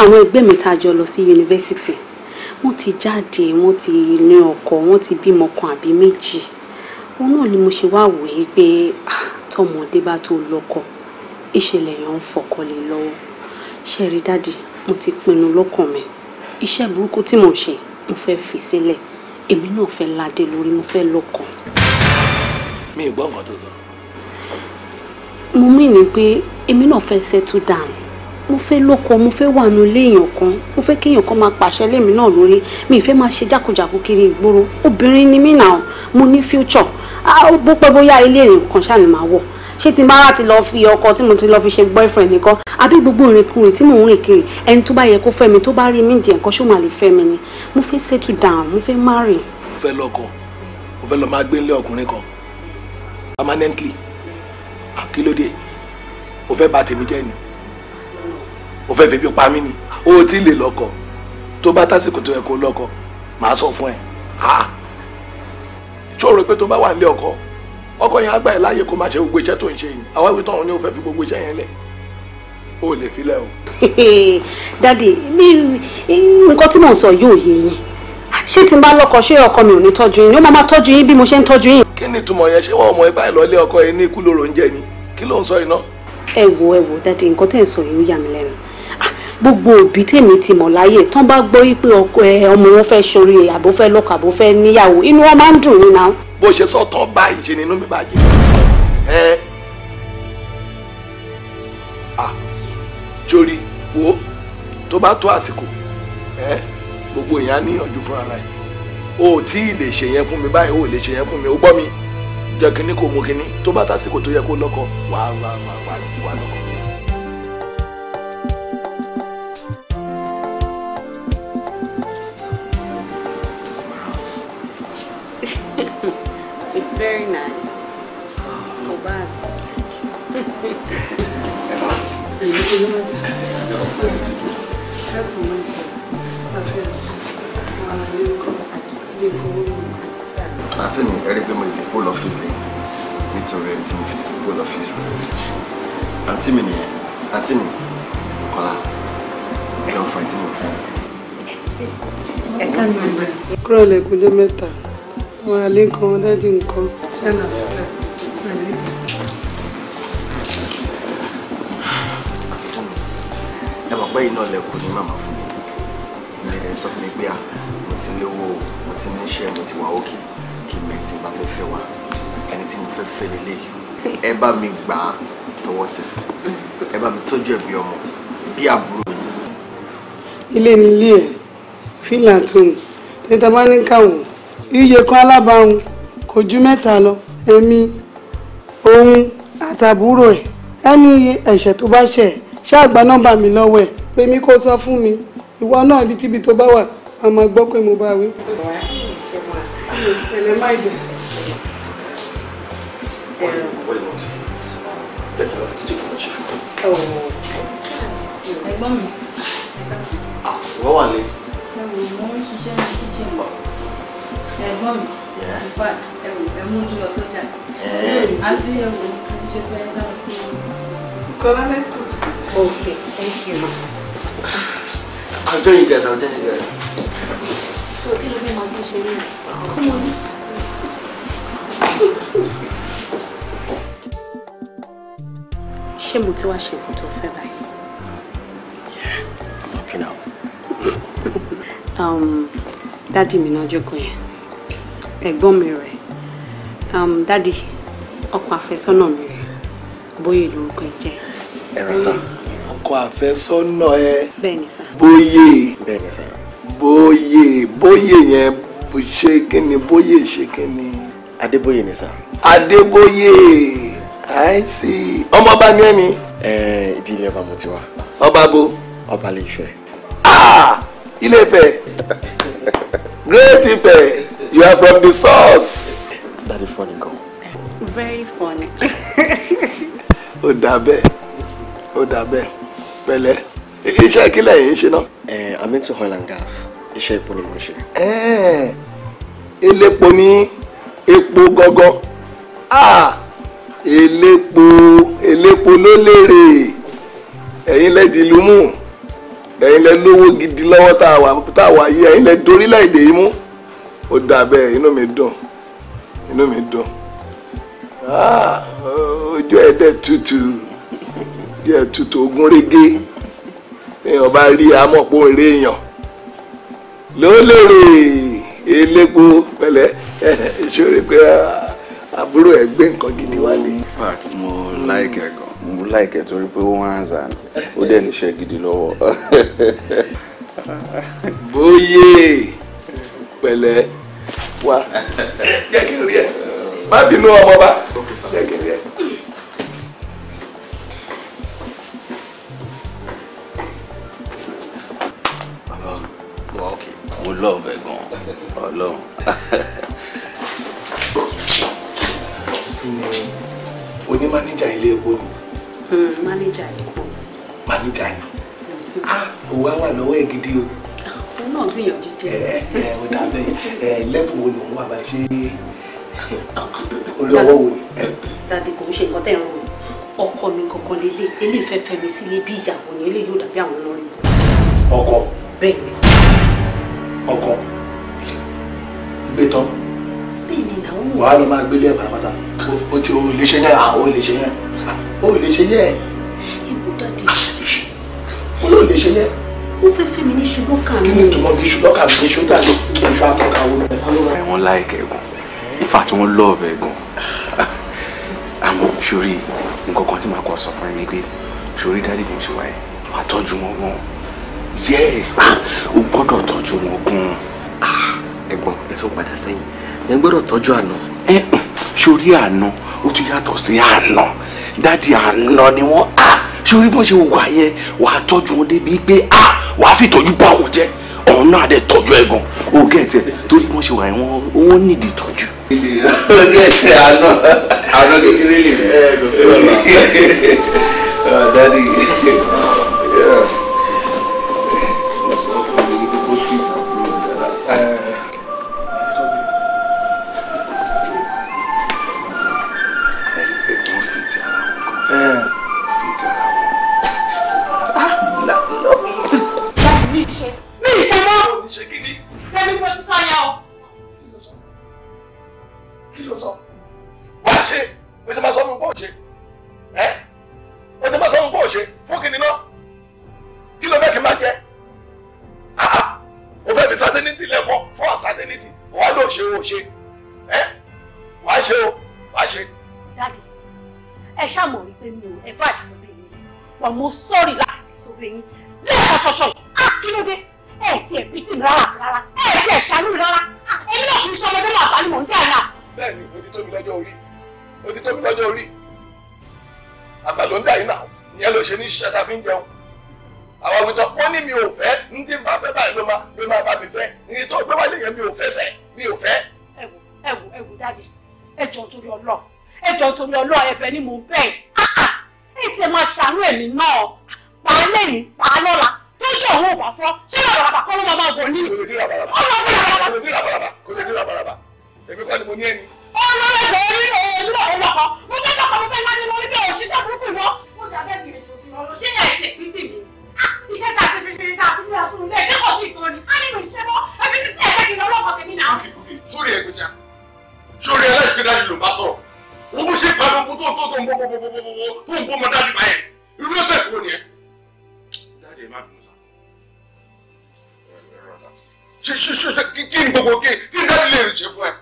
àwọn ẹgbẹ́ mi tá a jọ lọ sí yunifásitì wọ́n ti jáde wọ́n ti ní ọkọ wọ́n ti bímọ kan àbí méjì òun náà ni mo ṣe wá wòye pé ah, tọmọdé bá tó lọ́kọ ìṣẹ̀lẹ̀ yẹn ń fọkànlẹ̀ lọ́wọ́ ṣe rí dáàdì mo ti pinnu lọ́kàn mi iṣẹ́ burúkú tí mo ṣe mo fẹ́ fi sílẹ̀ èmi náà fẹ́ ládé lórí mo fẹ́ lọ́kàn. mi ò gbọ́ nǹkan tó sọ. mo mí ni pé èmi náà fẹ́ settle down mo fẹ́ lọ́kọ mo fẹ́ wà nù léèyàn kan mo fẹ́ kéèyàn kan máa pàṣẹ lémi náà lórí mi ìfẹ́ máa ṣe jákujàku kiri ìgboro obìnrin ni mí náà mo ní future ah, bó pẹ́ bóyá ilé ìrìn kan ṣáà ni màá wọ̀ ṣé tí n bá wà ti lọ fi ọkọ tí mo ti lọ fi ṣe boyfriend nìkan àbí gbogbo ìrìnkúrìn tí mò ń rìn kiri ẹni tó bá yẹ kó fẹ́ mi tó bá rí mi dì ẹ̀kọ́ ṣó máa lè fẹ́ mi ni mo fẹ́ settle down mo fẹ́ marry. mo fẹ́ lọ́kọ mo fẹ́ lọ máa gbé nílé ọkùnrin kan permanently kí ló dé mo fẹ́ bà tèmi jẹ́ ni mo fẹ́ febi pa mí ni o ti lè lọ́kọ tó bá tásìkò tó yẹ kó lọ́kọ màá sọ fún ẹ ṣó o rò pé tó bá wà nílé ọkọ ọkọ yẹn agbáyé láàyè kó má ṣe gbogbo iṣẹ́ tó ń ṣe yìí àwa wí tọhún ni ó fẹ fi gbogbo iṣẹ́ yẹn o lè filẹ̀ o. dadi mi nǹkan tí mò ń sọ yóò yé yín ṣé tí n bá lọ́kọ ṣé ọkọ mi ò ní yín ó máa máa yín bí mo ṣe ń yín. kí ni ìtumọ̀ yẹn ṣé wọ́n ọkọ yẹn ní ikú lóró ni kí ló dadi tẹ́ ẹ sọ yìí ó yà mí ah, gbogbo òbí ti mọ̀ láyè bá gbọ́ ọkọ ọmọ bó ṣe sọ̀tọ̀ báyìí ṣe nínú mi bàjẹ́ ẹ à torí wo tó bá tó àsìkò ẹ gbogbo èèyàn á níyànjú fúnra rẹ o ò tí ì lè ṣe yẹn fún mi báyìí o ò lè ṣe yẹn fún mi o gbọ́ mi jẹ́ kínní kò mú kínní tó bá tásìkò tó yẹ kó lọ́kọ wàá wàá wàá wàá lọ́kọ. very nice. Not oh, bad. That's my Àti mi ẹ̀rí pé mo ti pole office ni nítorí ẹni tí mo fi pole office me. Àti mi nìyẹn, àti mi, Kọ́lá, girlfriend tí mo fẹ́. Ẹ ká ní ìgbà. Kúrò lẹ́kùnjẹ́ mẹ́ta mo rà lé nǹkan wọn dájú nǹkan ṣẹlẹ̀ àfẹ́ pẹ̀lú ìdí. ẹ mọ̀ pé iná lẹ́kùn ní màmá fún mi ilé rẹ̀ sọ fún mi pé ah, mo ti lówó mo ti níṣẹ́ mo ti wà òkè kí mẹ́tì bá fẹ́ fẹ́ wá ẹni tí mo fẹ́ fẹ́ lélẹ́yìí ẹ bá mi gbà á tọwọ́ tẹsẹ̀ ẹ bá mi tọ́jú ẹ̀ bí ọmọ bí àbúrò yìí. ilé nílé ẹ fílà tó ń bá ní káwọn iye kan alábàáhùn kò ju mẹ́ta lọ èmi òun àtàbúrò ẹ̀ ẹni ẹ̀ṣẹ̀ tó bá ṣẹ̀ ṣáàgbà nọ́mbà mi lọ́wọ́ ẹ̀ pé mi kò sọ fún mi ìwọ náà ibikíbi tó bá wà a máa gbọ́ pé mo bá wí. ẹ̀lẹ́ mi. Ah, wọ́n wà lẹ́yìn. ẹ̀gbọ́n mi in fact ẹ̀wò ẹ̀mú ojú lọ sọ́jà àti ẹ̀wò àti ṣètò ẹ̀ka lọ sí ẹ̀wò. Okay, thank you ma. I'll tell you guys, I'll tell you guys. So kí ló fẹ́ máa bí ṣe rí? Come on. Ṣé mo ti Yeah, I'm happy now. um, dádì me náà jókòó yẹn ẹ̀gbọ́n mi rẹ̀ um, dádì ọkọ àfẹ́sọ́nà mi rẹ̀ bóyè lórúkọ ẹ̀ jẹ́. ẹ rà sá ọkọ àfẹ́sọ́nà ẹ bóyè bóyè bóyè yẹn ṣe kí ni bóyè ṣe kí ni. adébóyè ni sá. adébóyè i see ọmọ ọba ni ẹ ni. ẹ ìdílé ọba mo ti wá. ọba bo. ọba lè fẹ. ah ilé Ifẹ̀ great Ifẹ̀. You are from the source. That is funny, girl. Very funny. Ó dà bẹ́ẹ̀. Ó dà bẹ́ẹ̀. Pẹ̀lẹ́. Iṣẹ́ kí lẹ̀yin ṣe náà? Eh, I'm into oil and gas. Iṣẹ́ epo ni mo ń Eh. Elépo ni epo gogo. Ah. Elépo, elépo ló lérè. Ẹ̀yin lẹ di lumu. Ẹ̀yin lẹ lówó gidi lọ́wọ́ tá a wà tá a wà yìí. Ẹ̀yin lẹ dorílẹ̀-èdè yìí mú ó dà bẹ́ẹ̀ inú mi dùn inú mi dùn ah, ojú ẹ dẹ̀ tutù ojú ẹ tutù ogun rege èèyàn bá rí amọ̀pọ̀ eré èèyàn ló lèrè elépo pẹ̀lẹ́ ìṣòro pé ah, àbúrò ẹ̀ gbé nǹkan gidi wálé. mo láìkẹ́ gan mo láìkẹ́ torí pé ó wọ́n àzà ni ó dẹ̀ níṣẹ́ gidi lọ́wọ́. bóyè pẹ̀lẹ́ wa jẹ́ kí n rí ẹ má bínú ọmọ bá jẹ́ kí n rí ẹ. mo love ẹ gan Ọlọ́run. oní mánéjà ilé epo ni. Hmm, mánéjà epo. mánéjà ni. ah òwá wà lọ́wọ́ ẹ̀ gidi o òun náà gbìyànjú jẹ. ẹ ẹ o dà bẹ ẹ lẹ́bù wo lòun wà báyìí ṣé orí ọwọ́ wo ni. dàdí kò ń ṣe nǹkan tẹ̀ ń rò ọkọ mi kankan lélẹ̀ eléyìí fẹ́ fẹ́ mi sílé bí ìyàwó ni eléyìí yóò dàbí àwọn olórin. ọkọ. bẹ́ẹ̀ ni. ọkọ gbẹtọ. bẹ́ẹ̀ ni náà wò. wàá lọ máa gbélé ẹ̀ pàápàá o ti o lè ṣe yẹn o ò lè ṣe yẹn o lè ṣe yẹn. ibùdó di. o lè ṣe yẹn ó fẹ́ fẹ́ mi ní ṣùgbọ́n kà mí. kí ni ìtumọ̀ bíi ṣùgbọ́n kà mí ní ṣùgbọ́n kà mí ní ṣùgbọ́n àtọ́ka wo ló fẹ́. wọ́n láìkẹ́ ẹ̀gùn ifá tí wọ́n lọ́ọ̀bẹ̀ ẹ̀gùn àmọ́ sórí nǹkan kan tí màá kọ́ sọ fún ẹni pé sórí dáàdì mo ṣe wáyé wà á tọ́jú wọn gan yes ah, o gbọ́dọ̀ tọ́jú wọn gan. Ah, ẹ̀gbọ́n ẹ tún padà sẹ́yìn ẹ gbọ́dọ̀ tọ́jú àná. ẹ eh, sórí àná ó tún yàtọ̀ sí àná dáàdì àná ni wọ́n ah, sórí bó ṣe wà yẹn wà á tọ́jú wọn débi pé ah wàá fi tọ́jú bá òun jẹ́ òun náà dẹ̀ tọ́jú ẹ̀ gan o gẹ̀ẹ́tì ẹ̀ torí wọ́n ṣe wà yẹn wọ́n nídìí tọ́jú. gẹ̀ẹ́tì àná àná kékeré lè rí. ẹ ẹ kò sí ọ̀la. ẹjọ́ torí ọlọ́ ẹ̀bẹ̀ ni mò ń bẹ̀ ẹ̀ tí máa ṣàánú ẹ̀mí náà pa lẹ́yìn pa lọ́la tójú ọ̀hún ò bá fọ́ ṣé làbàràbà kọ́ ló máa máa bọ̀ ní. kò lè dé làbàràbà kò lè dé làbàràbà èmi kọ́ ni mo ní ẹni. ọlọ́rẹ̀ bẹ̀rẹ̀ nínú ìlú ọ̀hún lọ́kọ̀ mo fẹ́ lọ́kọ̀ mo fẹ́ láti lọ níbẹ̀ òṣìṣẹ́ burúkú ìwọ. mo dàbẹ́ kiri tuntun lọ ṣé ẹ̀ ti pín tì mí iṣẹ́ tá a ṣe ṣe ṣe tá o bó ṣe pariwo kó tó tó tó ń bó bó bó bó bó tó ń bó mọ dájú báyẹn irú lọ́sẹ̀ tó nìyẹn. dáàdi ẹ má bínú sá. ṣe ṣe ṣe kí kí n gbogbo kí kí n dáàdi lè ṣe fún ẹ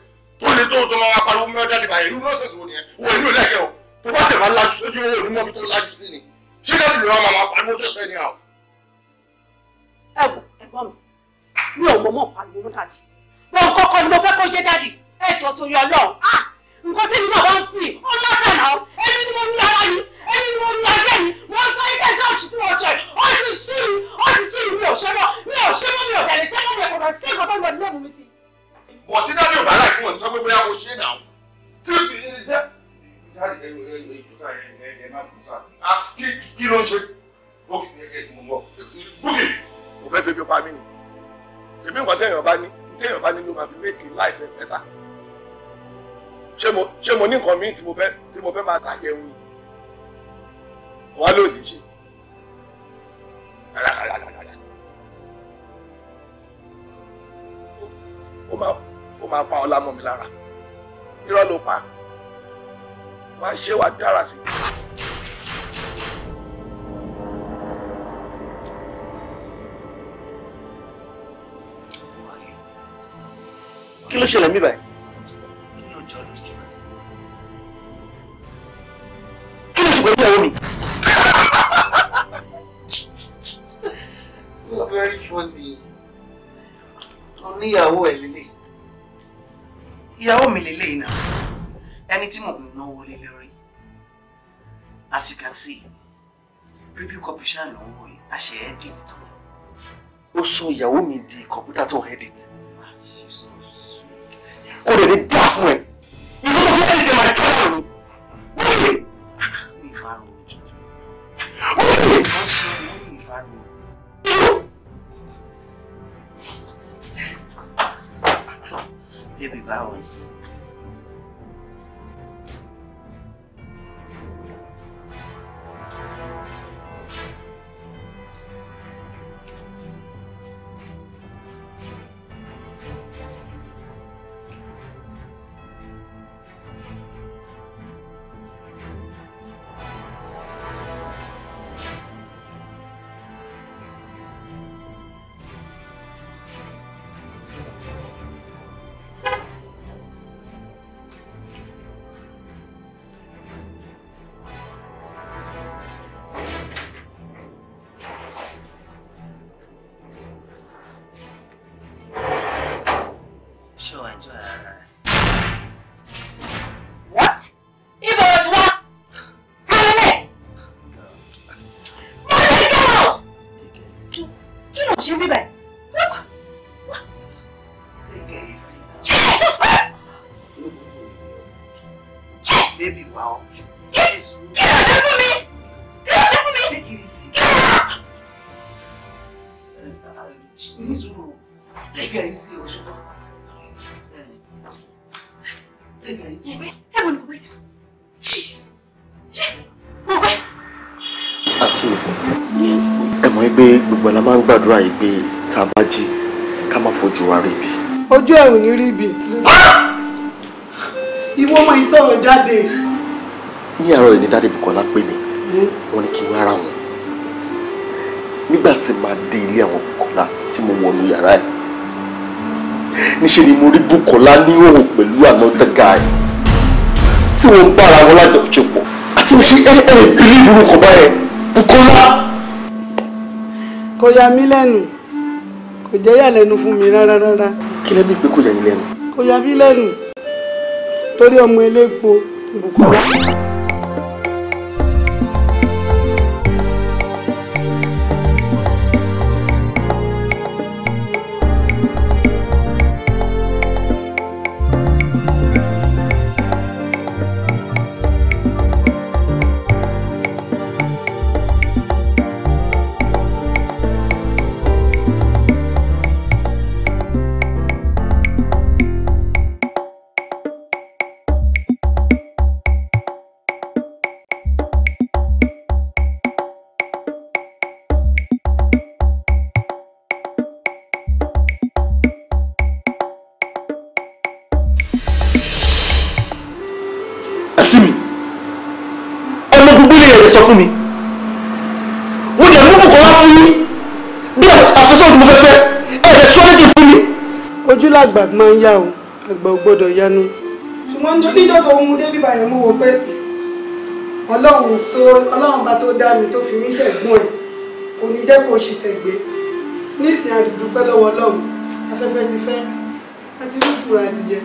tó lè tó tó máa pariwo mọ dájú báyẹn irú lọ́sẹ̀ tó nìyẹn wọ inú ìlẹ́kẹ̀ o tó bá tẹ̀ bá lajú sójú owó ní mọ́bí tó lajú sí ni ṣé dáàdi lè máa máa pariwo tó fẹ́ ni à. ẹ wò ẹ̀gbọ́n mi mi ò mọ mọ pariwo dáàdi kọ́kọ́ ni mo fẹ́ kó jẹ dáàdi ẹ jọ torí Ọlọ́run ah nǹkan tí mi náà bá ń fì ó lọ́tẹ̀ náà èmi ni mo ní ara mi èmi ni mo ní ajé mi wọ́n sọ ilé ṣọ́ọ̀ṣì tí wọ́n ṣe ó ti sú mi ó ti sú mi mi ò ṣe mọ́ mi ò ṣe mọ́ mi ò tẹ̀lé ṣe mọ́ mi ò kọ̀dọ̀ sí ìkọ̀tọ̀ mi ò nílẹ̀ mi sí. bọ̀ tí dábì ò bá láì fún wọn sọ pé bóyá o ṣe náà tí o fi ẹ ẹ ẹ ìjọsà ẹ ẹ má kù sá kí ló ń ṣe bókè mo fẹ́ fi bí pa mí ni èmi nǹkan téèyàn bá ní téèyàn bá ní ló máa fi make life better ṣé mo ní nǹkan míì tí mo fẹ́ tí mo fẹ́ máa tàjẹun ni wà ló ní ṣe. ó máa ó máa pa ọlá mọ́ mi lára irọ́ ló pa wá ṣé wàá dára sí i. kí ló ṣẹlẹ̀ mí báyìí. seja, uni gbàdúrà yìí pé tá a bá jí ká má fojú wa rí ibi. ojú ẹ̀ ò ní rí ibi. ìwọ máa ń sọ̀rọ̀ jáde. ní àárọ̀ yìí ni dáàdì Bùkọ́lá pè mí wọ́n hmm? ní kí n wá ara wọn nígbà tí màá dé ilé àwọn Bùkọ́lá tí mo wọnú yàrá ẹ̀ níṣẹ́ ni mo rí Bùkọ́lá ní òhò pẹ̀lú another guy tí wọ́n ń bára wọn lájọṣepọ̀ àti níṣẹ́ ẹ̀ẹ́dẹ̀ẹ́dẹ́ bílíìfù orúkọ báyẹn Bùkọ́lá kò yà mí lẹ́nu kò jẹ́ yàlẹ́nu fún mi rárá rárá. kí lẹ́bí pé kò yà yín lẹ́nu. kò yà mí lẹ́nu torí ọmọ elépo Bùkọ́lá. àgbà máa ń yá o àgbà ò gbọ́dọ̀ yanu. ṣùgbọ́n níjọ́ tó ń mu délé báyẹn mo wò pé ọlọ́run tó ọlọ́run bá tó dá mi tó fi mí ṣẹ̀gbọ́n ẹ̀ kò ní jẹ́ kó ṣiṣẹ́ gbé nísìnyí àdùdúpẹ́ lọ́wọ́ ọlọ́run afẹ́fẹ́ ti fẹ́ àti fífura adìyẹ.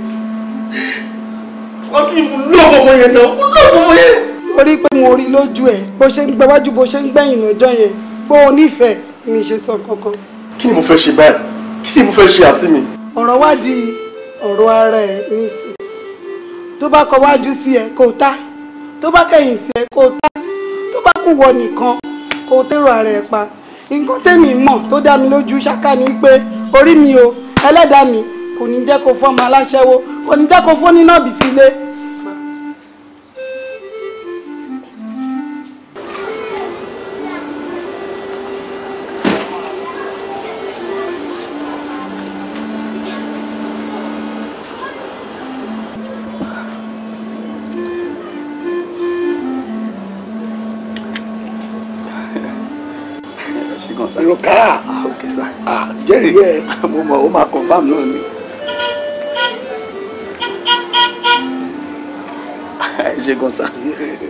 wọ́n tún ìmú lóòfò ọmọ yẹn náà ó lóòfò ọmọ yẹn. torí pé mo rí lójú ẹ bó ṣe ń gbáwájú bó ṣe ń gbẹ̀yìn lọ́jọ́ yẹn bó o nífẹ̀ẹ́ mi ṣe sọ kankan. kí ni mo fẹ́ ṣe báyìí kí ni mo fẹ́ ṣe àǹtí mi ọ̀rọ̀ wá di ọ̀rọ̀ ara ẹ̀ nísìn tó bá kọ wájú sí ẹ kó tá tó bá kẹ̀yìn sí ẹ kó tá tó bá kù wọ nìkan kó tèrò ara ẹ pa nǹkan tèmi mọ̀ tó dá mi lójú ṣáká ni pé orí mi o ẹlẹ́dàá mi kò ní jẹ́ kó fọ́ ọmọ aláṣẹ́wó kò ní jẹ́ kó fọ́ nínú ọ̀bì sílé. Ah, ah, jẹ́rìí ẹ̀ mo mọ̀ ó máa confam náà ni. ẹ ṣe gan sa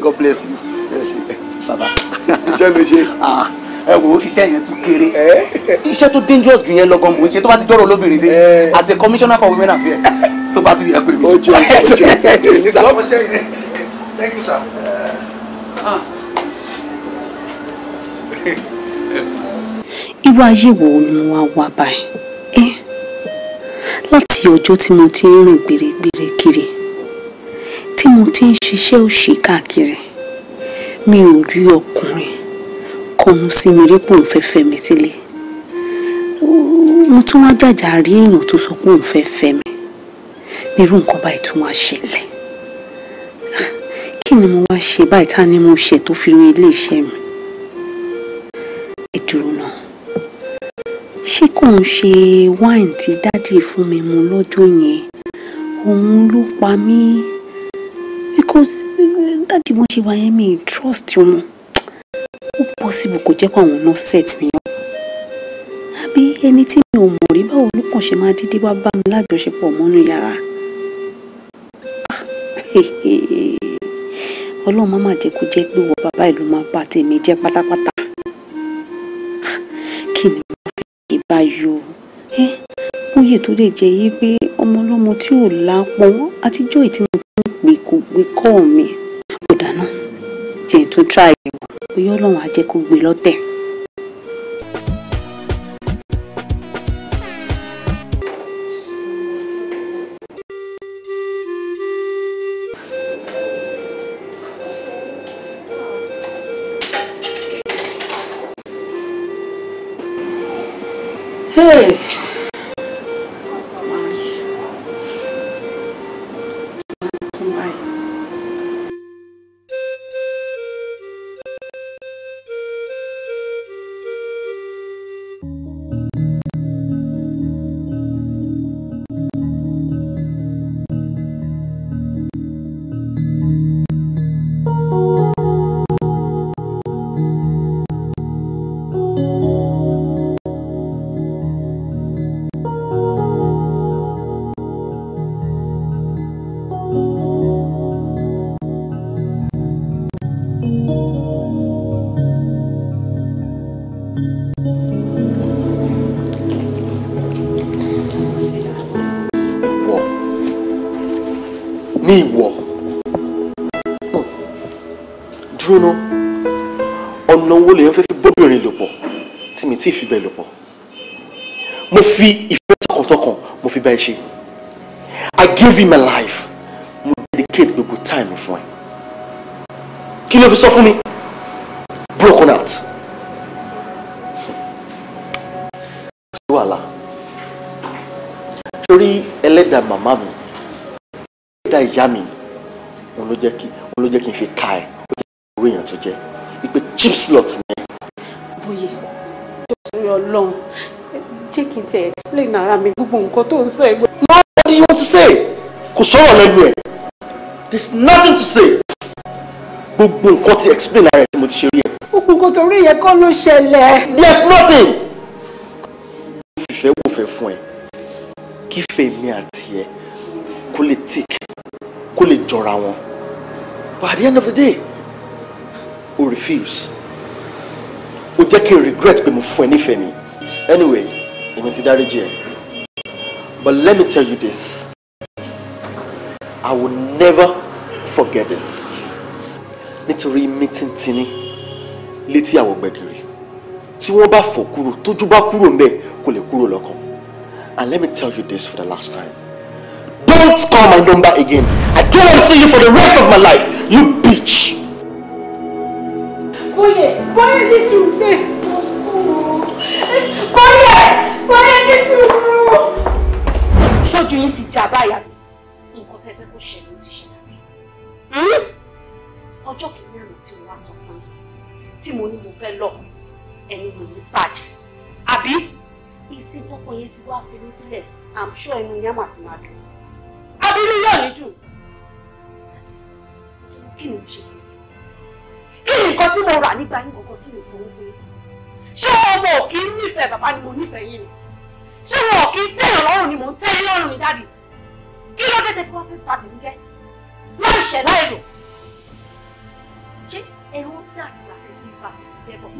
God bless you ẹ ṣe baba iṣẹ́ ló ṣe ah, ẹ wo iṣẹ́ yẹn tún kéré eh? iṣẹ́ tó dangerous jù yẹn lọ gan mo ṣe tó bá ti dọ́rọ̀ olóbìnrin dé eh. as a commissioner for women affairs tó bá tún yẹ pé mi. o jẹ o jẹ thank you sir. Uh, irú ayé wo ni wọ́n á wá báyìí ẹ́ láti ọjọ́ tí mo ti ń rìn gbèrègbèrè kiri tí mo ti ń ṣiṣẹ́ òṣì káàkiri mi ò rí ọkùnrin kọnu sí mi rí pé òun fẹ́ fẹ́ mi sílé mo tún wá jàjà rí èèyàn tó sọ pé òun fẹ́ fẹ́ mi irú nǹkan báyìí tún wá ṣẹlẹ̀ kí ni mo wá ṣe báyìí ta ni mo ṣe tó fi rí ilé iṣẹ́ mi ṣé kò ń ṣe wáìnì tí dádì fún mi mu lọ́jọ́ yẹn òun ló pa mí because dádì wọn ṣe wáyé mi trust wọn ó possible kò jẹ́ pé àwọn náà set mi up àbí ẹni tí mi ò mọ̀ rí báwo ló kàn ṣe máa dídé wá bá mi lájọṣepọ̀ mọ́nú yàrá ọlọ́run má má jẹ́ kó jẹ́ pé wọ bàbá ìlú máa bá tèmi jẹ́ pátápátá. báyìí o oyè tó lè jẹ́ yìí pé ọmọ ọlọ́mọ tí ò lápọn àtijọ́ ìtí mo ti ń pè kò gbé kọ́ mi kò dáná jẹ́ tún try ẹ̀ wò bóyá ọlọ́run á jẹ́ kó gbé lọ́tẹ̀. mo fi ìfẹ́ tọkàntọkàn mo fi bá ẹ ṣe i give you my life mo dedicate gbogbo time fún ẹ kí ló fi sọ fún mi broken out ṣé wàhálà torí ẹlẹ́dàá màmá mi ẹlẹ́dàá ìyá mi òun ló jẹ́ kí n fi ka ẹ̀ ó jẹ́ kí n rí èèyàn tó ìpè chip slot ni. bóyá tó sórí ọlọ́run kí n ti explain ara mi gbogbo nǹkan tó ń sọ ẹ. nobody want to say kò sọ̀rọ̀ lẹ́nu ẹ̀ there is nothing to say gbogbo nǹkan ti explain ara ẹ̀ tí mo ti ṣe rí ẹ̀. gbogbo nǹkan tó rí yẹn kọ́ ló ṣẹlẹ̀. there is nothing. mo fìfẹ́ wòfẹ́ fún ẹ kífẹ́ mi àti ẹ kó lè tick kó lè jọra wọn but at the end of the day o refuse o jẹ́ kí n regret pé mo fún ẹ nífẹ̀ẹ́ mi anyway èmi ti dáríjì ẹ but let me tell you this I will never forget this nítorí mítìntìní létí àwọn gbẹ̀gìrì tí wọ́n bá fò kúrò tójú bá kúrò mbẹ̀ kò lè kúrò lọ́kàn and let me tell you this for the last time don't call my number again I don't want to see you for the rest of my life you bitch. Boye, boye, this you. Báyọ̀ ní sùúrù. Ṣojú yín ti jà báyà mi. Nǹkan tẹ́ fẹ́ kó ṣẹlẹ̀ ó ti ṣẹlẹ̀ rẹ̀. Hmm? Ọjọ́ kìíní àná tí mo wá sọ fún mi tí mo ní mo fẹ́ lọ ẹni mo ní bàjẹ́. Àbí ìsìn tọkọ yẹn ti wá fi mí sílẹ̀ I'm sure ẹnu yẹn mà ti máa dùn. Àbí inú yóò ní dùn. Kí ni mo ṣe fún yín? Kí ni nǹkan tí mo rà nígbà yín kankan tí mo fowó fún yín? ṣé ọmọ òkì nífẹ̀ẹ́ bàbá ni mo nífẹ̀ẹ́ yín ni ṣé wọn òkì tẹ̀yàn lọ́rùn ni mò ń tẹ́yìn lọ́rùn ni dáàdì kí ló dé tẹ́tí wọ́n fi ba tèmi jẹ́ láì ṣẹ̀ láì lò ṣé ẹ̀rọ tí àtìgbà tẹ́tí ba tèmi jẹ́ bọ̀.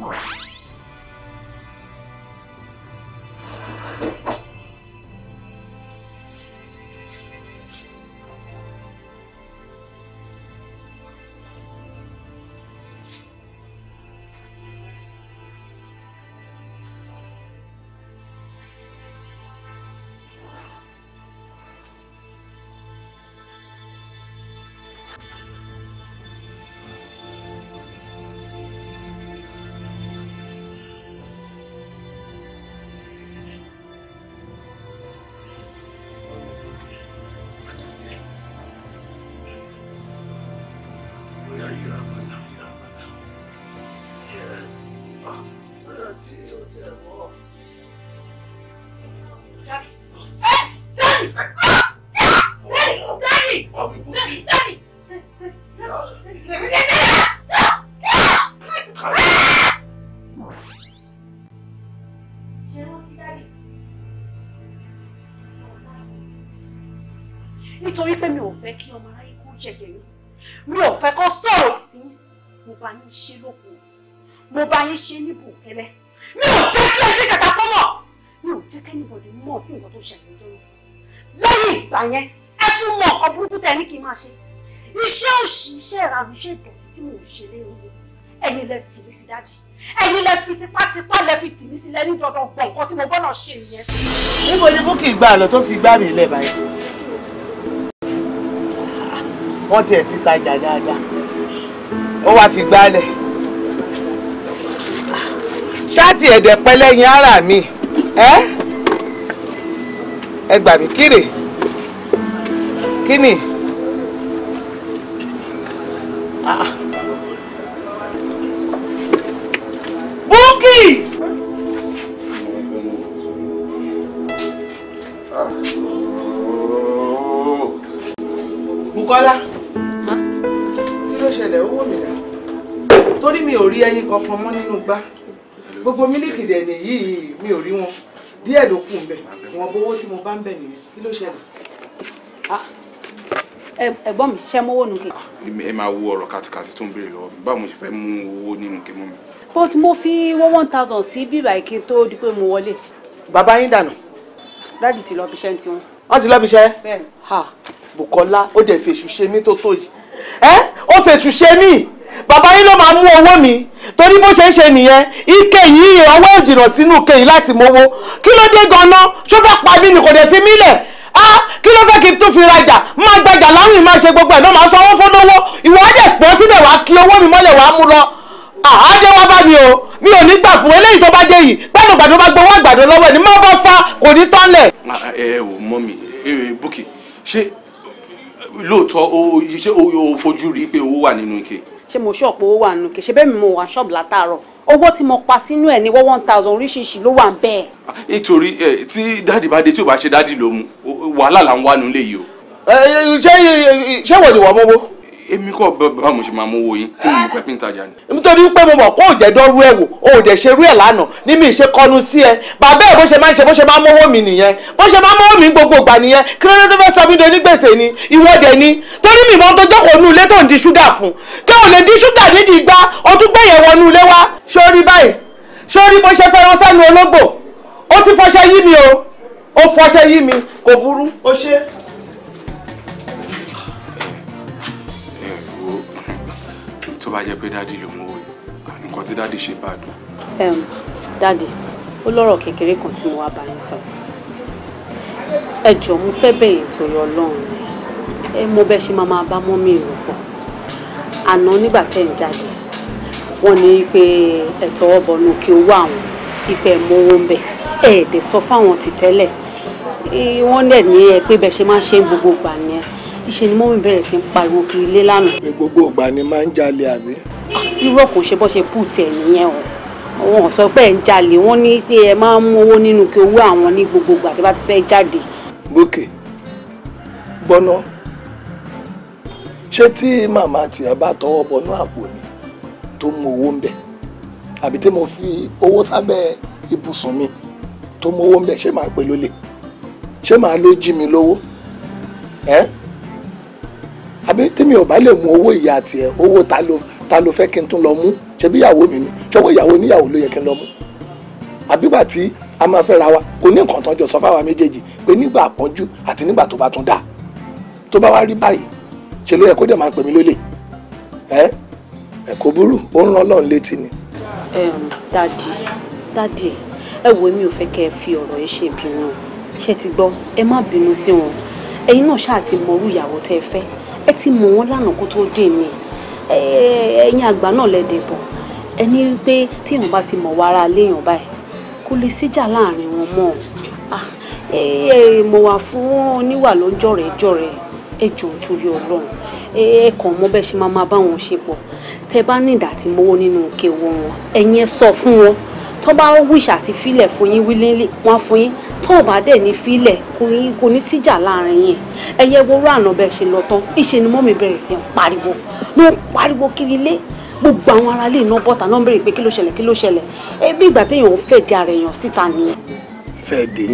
jẹ̀yẹ̀ yín mi ò fẹ́ kó sọ̀rọ̀ yìí sí mo bá yín ṣe lóko mo bá yín ṣe ní bòńkẹ́lẹ́ mi ò jẹ́ kí ẹjí kẹta kọ́ mọ̀ mi ò jẹ́ kẹ́nìbọ̀dì mọ̀ sí nǹkan tó ṣẹlẹ̀ lọ́jọ́ náà lẹ́yìn ìgbà yẹn ẹ tún mọ nǹkan burúkú tẹ ní kí n máa ṣe iṣẹ́ òṣì iṣẹ́ ìrànú iṣẹ́ ìdọ̀tí tí mo ń ṣe lẹ́yìn mi ẹ̀yin lẹ tì mí sí dáàdì ẹ̀yin lẹ fi tipátipá lẹ fi tì mí sí lẹ́ni dandan gbọ̀ǹkan tí mo gbọ́dọ̀ ṣe nìyẹn. níbo ni búkì gbà lọ tó fi gbá mi lẹ́bàá yìí wọ́n tiẹ̀ ti tajà dáadáa ó wá fi gbálẹ̀ ṣáàtì ẹ̀dẹ̀ pẹ́lẹ́yìn ara mi ẹ́ ẹ gbà mí kírè kí ni ah. búkì. Bukola ṣẹlẹ̀ owó mi rà torí mi ò rí ẹyin kankan mọ́ nínú gbá gbogbo mílíkì dẹ̀ nìyí mi ò rí wọn díẹ̀ ló kù ń bẹ wọn bówó tí mo bá ń bẹ̀ nìyẹn kí ló ṣẹlẹ̀. ẹ̀gbọ́n mi ṣe mówó nu kí. ẹ máa wo ọ̀rọ̀ kàtìkàtì tó ń béèrè lọ́wọ́ mi báwo mo ṣe fẹ́ mú owó nínú kí mọ́ mi. but mo fi wọ́n one thousand sí bíbá kí n tó di pé mo wọlé. bàbá yín dànù. dáàdì ti lọ bíṣẹ́ tiwọn. wọ́n ti lọ bíṣẹ́. bẹ́ẹ̀ Bukola ó dẹ̀ fèṣù ṣe mí tó tó yìí. ẹ́ ó fètù ṣe mí bàbá yín ló máa mú owó mi torí bó ṣe ń ṣe nìyẹn ike yìí ọwọ́ ìjìnà sínú ike yìí láti mowó kí ló dé gan-an ṣó fẹ́ pa mí ni kò dé fi mí lẹ̀ á kí ló fẹ́ kí n tún fi rajà máa gbajà láwìn máa ṣe gbogbo ẹ̀ náà máa sanwó fún lówó ìwọ á dẹ̀ pọ̀ síbẹ̀ wá kí owó mi mọ́lẹ̀ wá mú lọ àájẹ́ wá bá mi o mi ò ní gbà fún eléyìí tó bá dé yìí gbàdùn gbàdùn bá gbowó àgbàdo lọ́wọ́ ẹ̀ ní mọ́ bọ́ fa kò ní tán lẹ̀. ẹ ẹ wò mọ mi ẹ ẹ bókè ṣé lóòótọ́ o ṣé o fojú rí pé owó wà nínú ike. ṣé mo ṣọ́ọ̀pù owó wà nínú ike ṣe bẹ́ẹ̀ mi mo wà ṣọ́ọ̀bù látàárọ̀ owó tí mo pa sínú ẹ̀ ní wọ́n one thousand oríṣiríṣi ló wà ń bẹ́ẹ̀. Ah, nítorí ẹ eh, tí dáàdì bá dé tí ò bá ṣe dáàdì ló mu wàhálà là ń wá nulẹ̀ yìí o. Eh, eh, ṣé ṣé wọ̀ ni wà mọ́wọ́ èmi kọ́ bá mo ṣe máa mú owó yín tí mo fẹ́ fi ń tajà ni. nítorí pé mo mọ̀ kó o jẹ́ dọ́rú ẹ̀ wò o de dẹ̀ ṣe rú ẹ̀ lánàá ní mi ṣe kọnu sí ẹ bàbá ẹ̀ bó ṣe máa ń ṣe bó ṣe máa ń mówó mi nìyẹn bó ṣe máa ń mówó mi gbogbo ìgbà nìyẹn kí ló dé tó fẹ́ sọ mí doni gbèsè ni ìwọ dẹ̀ ni torí mi mọ̀ tó jókòó nu ilé tó ń di ṣúgà fún kí o lè di ṣúgà nídìí igbá o tún gbé yẹn wọnú ilé wa sórí báyìí sórí bó ṣe fẹ́ràn fẹ́nu ológbò o ti fọṣẹ yí mi o o fọṣẹ yí mi kò burú o ṣe tó bá jẹ́ pé dádì ló mú òye nǹkan tí dádì ṣe bá dùn. dádì ó lọ́rọ̀ kékeré kan tí mo wá bá yín sọ ẹ jọ̀ọ́ mo fẹ́ bẹ̀yìn torí ọlọ́run ẹ mo bẹ́ ṣe máa bá mọ́mí rò pọ̀ àná nígbà tẹ́ ń jáde wọ́n ní pé ẹ̀tọ́ ọ̀bọ̀nù kí owó àwọn ìpẹ́ mowó ń bẹ̀ ẹ̀ẹ́dẹ̀ sọ fáwọn ti tẹ́lẹ̀ wọ́n dẹ̀ ní ẹ pé bẹ́ ṣe máa ṣe ń gbogbo gbà nìyẹn iṣẹ́ ni mọ́mí bẹ̀rẹ̀ sí pariwo kiri ilé lánàá. pé gbogbo ìgbà ni máa ń jalè àbí. Ah, irọ́ kò ṣe bọ́ ṣe pù tiẹ̀ nìyẹn o wọn sọ pé ẹ̀ ń jalè wọ́n ní pé ẹ máa ń mú owó nínú kí owó àwọn ní gbogbo ìgbà tí bá ti fẹ́ jáde. gòkè gbọ́ná ṣé tí màmá tiẹ̀ bá tọwọ́ bọnú àpò ni tó mú owó ń bẹ̀ àbí tí mo fi owó sábẹ́ ibùsùn mi tó mú owó ń bẹ̀ ṣé màá pè lólè ṣé màá ló jí mi lówó eh? àbí tèmi ò bá lè mú owó ìyá àti ẹ owó ta ló ta ló fẹ́ kí n tún lọ mú ṣebí ìyàwó mi ni ṣọwọ́ ìyàwó oníyàwó ló yẹ kí n lọ mú àbígbà tí a máa fẹ́ ra wa kò ní nǹkan tán jọ sọ fáwa méjèèjì pé nígbà àpọ́njú àti nígbà tó bá tún dáa tó bá wá rí báyìí ṣe ló yẹ kó dẹ̀ máa pè mí lólè ẹ ẹ kò burú ó ń rán Ọlọ́run létí ni. dadi dadi ẹ wo mi ò fẹ́ kẹ́ ẹ fi ọ̀rọ̀ yìí ṣe ìbínú ṣe ti gbọ́ ẹ má bínú sí wọn ẹ̀yin náà ṣáà ti mọ ìyàwó tẹ́ ẹ fẹ́ ẹ ti mọ̀ wọ́n lánàá kó tó dé ni ẹ̀yin àgbà náà lẹ́dẹ̀ bọ̀ ẹni pé téèyàn bá ti mọ̀ wá ara léèyàn báyìí kò lè síjà láàrin wọn mọ́ ah, ẹ mọ̀ wá fún oníwà ló ń jọ̀rẹ́ jọ̀rẹ́ ẹ jọ̀ọ́ torí ọlọ́run ẹ kàn mọ́ bẹ́ẹ̀ ṣe máa máa bá wọn ṣe pọ̀ tẹ bá ní ìdá tí mowó nínú òkè wọn ẹ̀yin sọ fún wọn tó bá wíṣà àti filẹ̀ fún yín wílé wọn fún yín tó o bá dẹ̀ ní filẹ̀ kò ní síjà láàrin yẹn ẹyẹ wo ràánà bẹ́ẹ̀ ṣe lọ tán ìṣe ni mọ́mí bẹ̀rẹ̀ sí ń pariwo ló ń pariwo kiri ilé gbogbo àwọn aráalé iná bọ́ta náà ń béèrè pé kí ló ṣẹlẹ̀ kí ló ṣẹlẹ̀ bí ìgbà téèyàn ń fẹ̀dí ara èèyàn síta nìyẹn. fẹ̀dí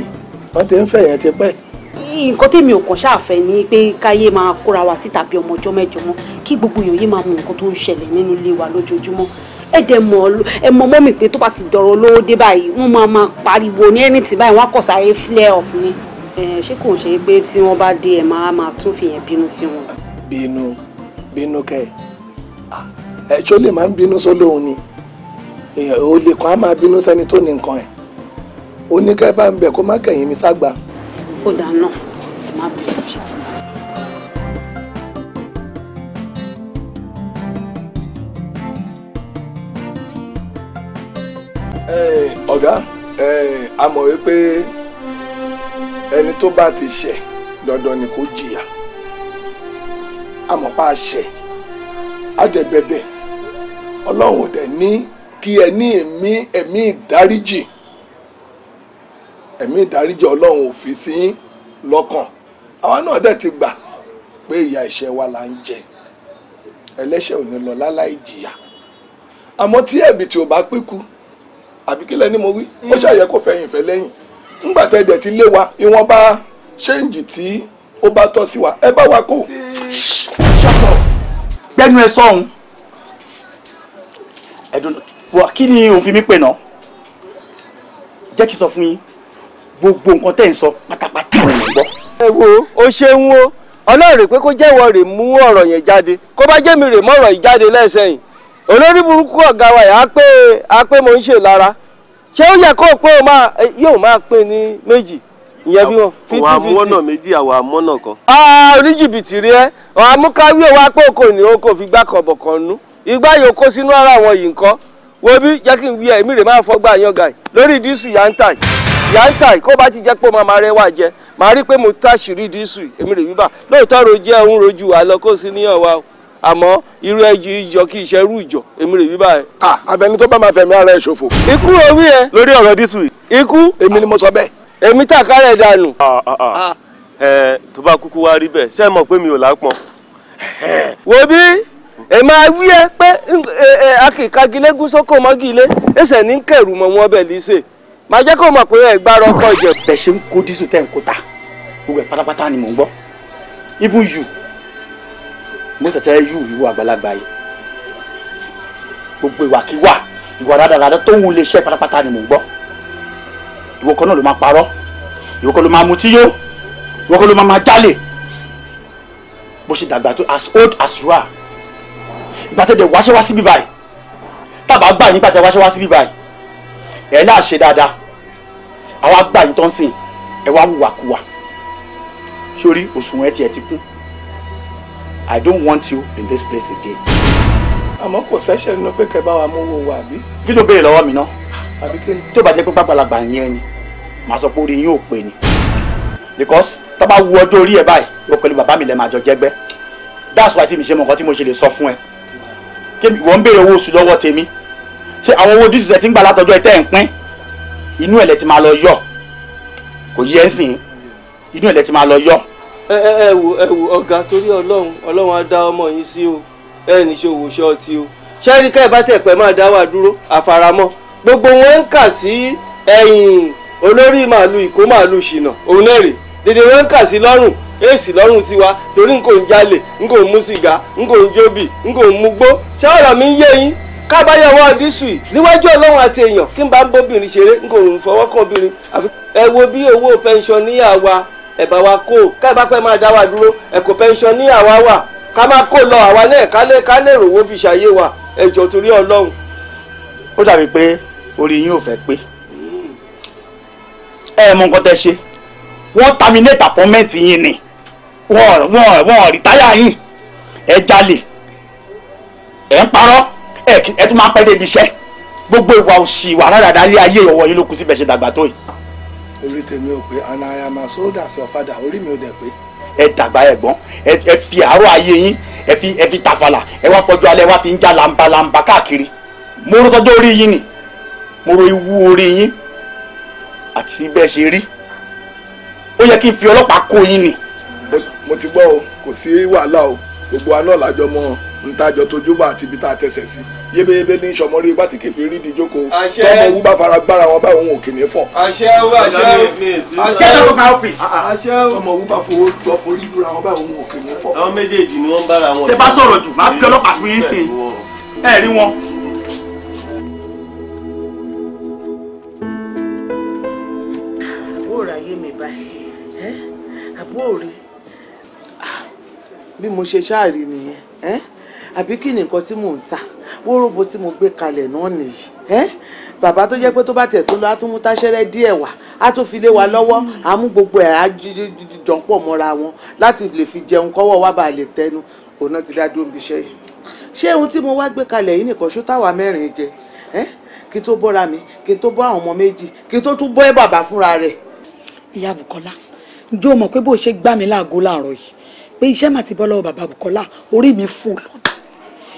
wọ́n ti ń fẹ̀ yẹn ti pẹ́. nǹkan tèmi ò kàn ṣàfẹ́ ni pé káyé máa kóra wa síta bí ọmọ ọjọ́ mẹ́jọ mọ́ kí gbogbo èèyàn yìí máa mọ ẹ dẹ̀ mọ̀ ẹ mọ̀ mọ́ mi pé tó bá ti dọ̀rọ̀ lówó dé báyìí wọ́n máa máa pariwo ní ẹni tí báyìí wọ́n á sáré flare up ni. ṣé kò ń ṣe pé tí wọ́n bá dé ẹ̀ máa máa tún fi yẹn bínú sí wọn. bínú bínú kẹ ẹ ṣó lè máa ń bínú sólóhùn ni olè kan á máa bínú sẹ́ni tó ní nǹkan ẹ̀ oníkẹ́ bá ń bẹ̀ kó má kẹ̀yìn mi ságbà. ó dáa ẹ má bínú ṣètò Eh, ọ̀gá eh, a mọ̀ wípé ẹni tó bá ti ṣẹ̀ dandan ni kó jìyà a mọ̀ pa ṣẹ̀ a dẹ̀ bẹ̀bẹ̀ ọlọ́run ò dẹ̀ ní kí ẹ ní ẹ̀mí ẹ̀mí ìdáríjì ẹ̀mí ìdáríjì ọlọ́run ò fi sí lọ́kàn àwa náà dẹ̀ ti gbà pé ìyà ẹ̀ṣẹ̀ wa là ń jẹ ẹlẹ́ṣẹ̀ ò ní lọ láláì jìyà àmọ́ tí ẹ̀bi tí o bá pín àbí kílẹ̀ ni mo wí ó ṣàyẹ kó fẹ̀yìn fẹ́ lẹ́yìn ńgbà tẹ́ dẹ̀ ti lé wa ìwọ̀nba ṣéǹjì tí ó bá tọ́ sí wa ẹ bá wa kó. ṣọ́pọ̀ ẹ sọ́hun ẹ̀dùn wa kí ni òfin mi pè náà jẹ́ kí n sọ fún yín gbogbo nǹkan tẹ́ ń sọ pátápátá rẹ̀ ń gbọ́. ẹ wo o ṣeun o ọlọ́run rè pé kó jẹ́wọ́ rè mú ọ̀rọ̀ yẹn jáde kó bá jẹ́mi rè mọ́ ọ̀rọ̀ yìí jáde lẹ́sẹ̀yìn olórí burúkú ọ̀gá wa yà á mo ń ṣe lára ṣé ó yẹ kó o pé o máa yóò máa pè ní méjì ìyẹn bí wọn fifty àwọn amúnà méjì àwọn kan. oníjìbìtì rí ẹ àwọn amúkáwí wá pé o kò o kò fi gbá kan nú igbá yóò kó sínú ara àwọn yìí nǹkan wo bí jẹ́ kí n wí ẹ̀ lórí dísù yantai yantai kó bá ti jẹ́ pé o máa jẹ màá rí pé mo dísù èmi àmọ́ irú ẹjọ ìjọ kì í ṣe irú ìjọ èmi rè wíwá ẹ. àbẹni tó bá máa fẹ̀mí ara ẹ̀ ṣòfò. ikú orí ẹ. lórí ọ̀rọ̀ dísù yìí. ikú. èmi ni mo sọ bẹ́ẹ̀. èmi tàkàrẹ̀ dànù. ẹ tó bá kúkú wá rí bẹ́ẹ̀ ṣé ẹ mọ̀ pé mi ò lápọn. wo bí ẹ máa wí ẹ pé akìkagilégún sóko mọ́gìlé ẹsẹ̀ ní kẹrù mọ́ wọn bẹ̀ lísè máa jẹ́ kó mọ̀ pé ẹ gbárò ọkọ̀ ìjẹ. bẹ́ẹ̀ ṣe ń kó dísù tẹ́ ń kó ta gbogbo ẹ̀ pátápátá ni mò ń gbọ́ even you mo ṣẹ̀ṣẹ̀ yú ìwọ àgbàlagbà yìí gbogbo ìwàkiwà ìwà dáadáa tó ń lè ṣe pátápátá ni mò ń gbọ́ ìwọ kan náà ló máa parọ́ ìwọ kan ló máa mutí yó ìwọ kan ló máa máa jálè bó ṣe dàgbà tó as old as you are ìgbà tẹ̀dẹ̀ wáṣẹ́ wá síbí báyìí tábà gbà yín pàtẹ́ wáṣẹ́ wá síbí báyìí ẹ̀ náà ṣe dáadáa àwa gbà yín tó ń sìn ẹ̀ wá wùwàkuwà sórí òṣùwọ̀n ẹ̀ tiẹ̀ ti kún. I don't want you in this place again. Àmọ́ kò sẹ́sẹ̀ nínú pé kẹ́ bá wa mú owó wa àbí. Kí ló béèrè lọ́wọ́ mi náà? Àbí kí ni? Tí ó bá jẹ́ pé pápálàgbà yẹn ni, màá sọ pé orí yín ò pé ni. Because tá bá wu ọjọ́ orí ẹ̀ báyìí, ìwọ pẹ̀lú bàbá mi lẹ́ máa jọ jẹ́gbẹ́. That's why tí mi ṣe mọ nǹkan tí mo ṣe lè sọ fún ẹ. Kí wọ́n ń béèrè owó oṣù lọ́wọ́ tèmi. Ṣé àwọn owó dísù ẹ ti ń gbà látọjọ́ ẹ tẹ́ ẹ̀ ń pín? Inú ẹ̀ lẹ ti ẹ ẹ ọ̀gá torí ọlọ́run ọlọ́run á dá ọmọ yín sí o ẹ ní ṣòwò ṣọ́ọ̀tì o ṣẹ́rí ká ẹ bá tẹ̀ pẹ́ dúró àfaramọ́ gbogbo wọn ń kà sí ẹ̀yìn olórí màálù ìkó màálù ṣìnà òun náà rè dèdè wọn ń kà sí lọ́rùn tiwa torí mú sìgá mú gbó mi ń yé yín ọlọ́run àti èèyàn kí n bá ń bóbìnrin ṣeré fọwọ́ wa ẹ bá wa kó ká bá pẹ́ máa dá wa dúró ẹ̀kọ́ pension ní àwa wà ká má kó lọ àwa náà ká lè ká lè rówó fi ṣàyè wa ẹjọ́ torí ọlọ́run. ó dàbí pé orí yín ò fẹ́ pé ẹ mọ nǹkan tẹ ṣe wọ́n terminate appointment yín ni wọ́n wọ́n wọ́n rìtáyà yín ẹ jalè ẹ ń parọ́ ẹ tún máa pẹ́ débi iṣẹ́ gbogbo ìwà òṣì wà rárá ayé ìwọ̀nyí ló kù síbẹ̀ ṣe dàgbà tó yìí orí tèmi ò pé and I am as old as your father orí mi ò dẹ̀ pé. ẹ dàgbà ẹ̀gbọ́n ẹ fi àárọ̀ ayé yín ẹ fi ẹ fi tàfàlà ẹ wá fọjú alẹ́ wá fi ń já lambalamba káàkiri mo ro tọ́jú orí yín ni mo ro iwú orí yín àti bẹ́ẹ̀ ṣe rí ó yẹ kí n fi ọlọ́pàá kó yín ni. mo ti gbọ́ o kò sí wàhálà o gbogbo aná làjọ mọ́ ọ ntajọ tójú bá àti ibi tá a tẹsẹ̀ sí yébéyébé ní sọmọrí igbá tí kẹfì rí ìdíjókòó tọmọ owó bá fara gbára wọn báyìí ò kìnìún fọ. àṣẹ owó àṣẹ àṣẹ owó bá ọ́fíìsì. àṣẹ tọmọ owó bá fowó jọ forí lura wọn báyìí ò kìnìún fọ. àwọn méjèèjì ni wọ́n bára wọn. tẹ bá sọ̀rọ̀ jù máa fi ọlọ́pàá fún yín sí i ẹ rí wọn. àbúrò ayé mi báyìí àbúrò rí bí mo ṣe ṣáà rí nìyẹn àbí kí ni nǹkan tí mò ń tà wóróbo tí mo gbé kalẹ̀ náà nìyí bàbá tó jẹ́ pé tó bá tẹ̀ tó lọ á mú táṣẹ́rẹ́ díẹ̀ wá á fi lé wa lọ́wọ́ á mú gbogbo ẹ̀ á jọ pọ̀ mọ́ra wọn láti lè fi jẹun kọ́wọ́ wá bá lè tẹnu òun náà ti dá dúró níbi iṣẹ́ yìí ṣé ohun tí mo wá gbé kalẹ̀ yìí nìkan ṣó táwa mẹ́rin jẹ kí tó bọ́ra mi kí tó bọ́ àwọn ọmọ méjì kí tó tún bọ́ ẹ bàbá fúnra rẹ̀. ìyá Bùkọ́lá ǹjẹ́ o pé bó ṣe gbá mi láago láàárọ̀ yìí pé iṣẹ́ màtí bọ́ lọ́wọ́ bàbá Bùkọ́lá orí mi fò lọ́nà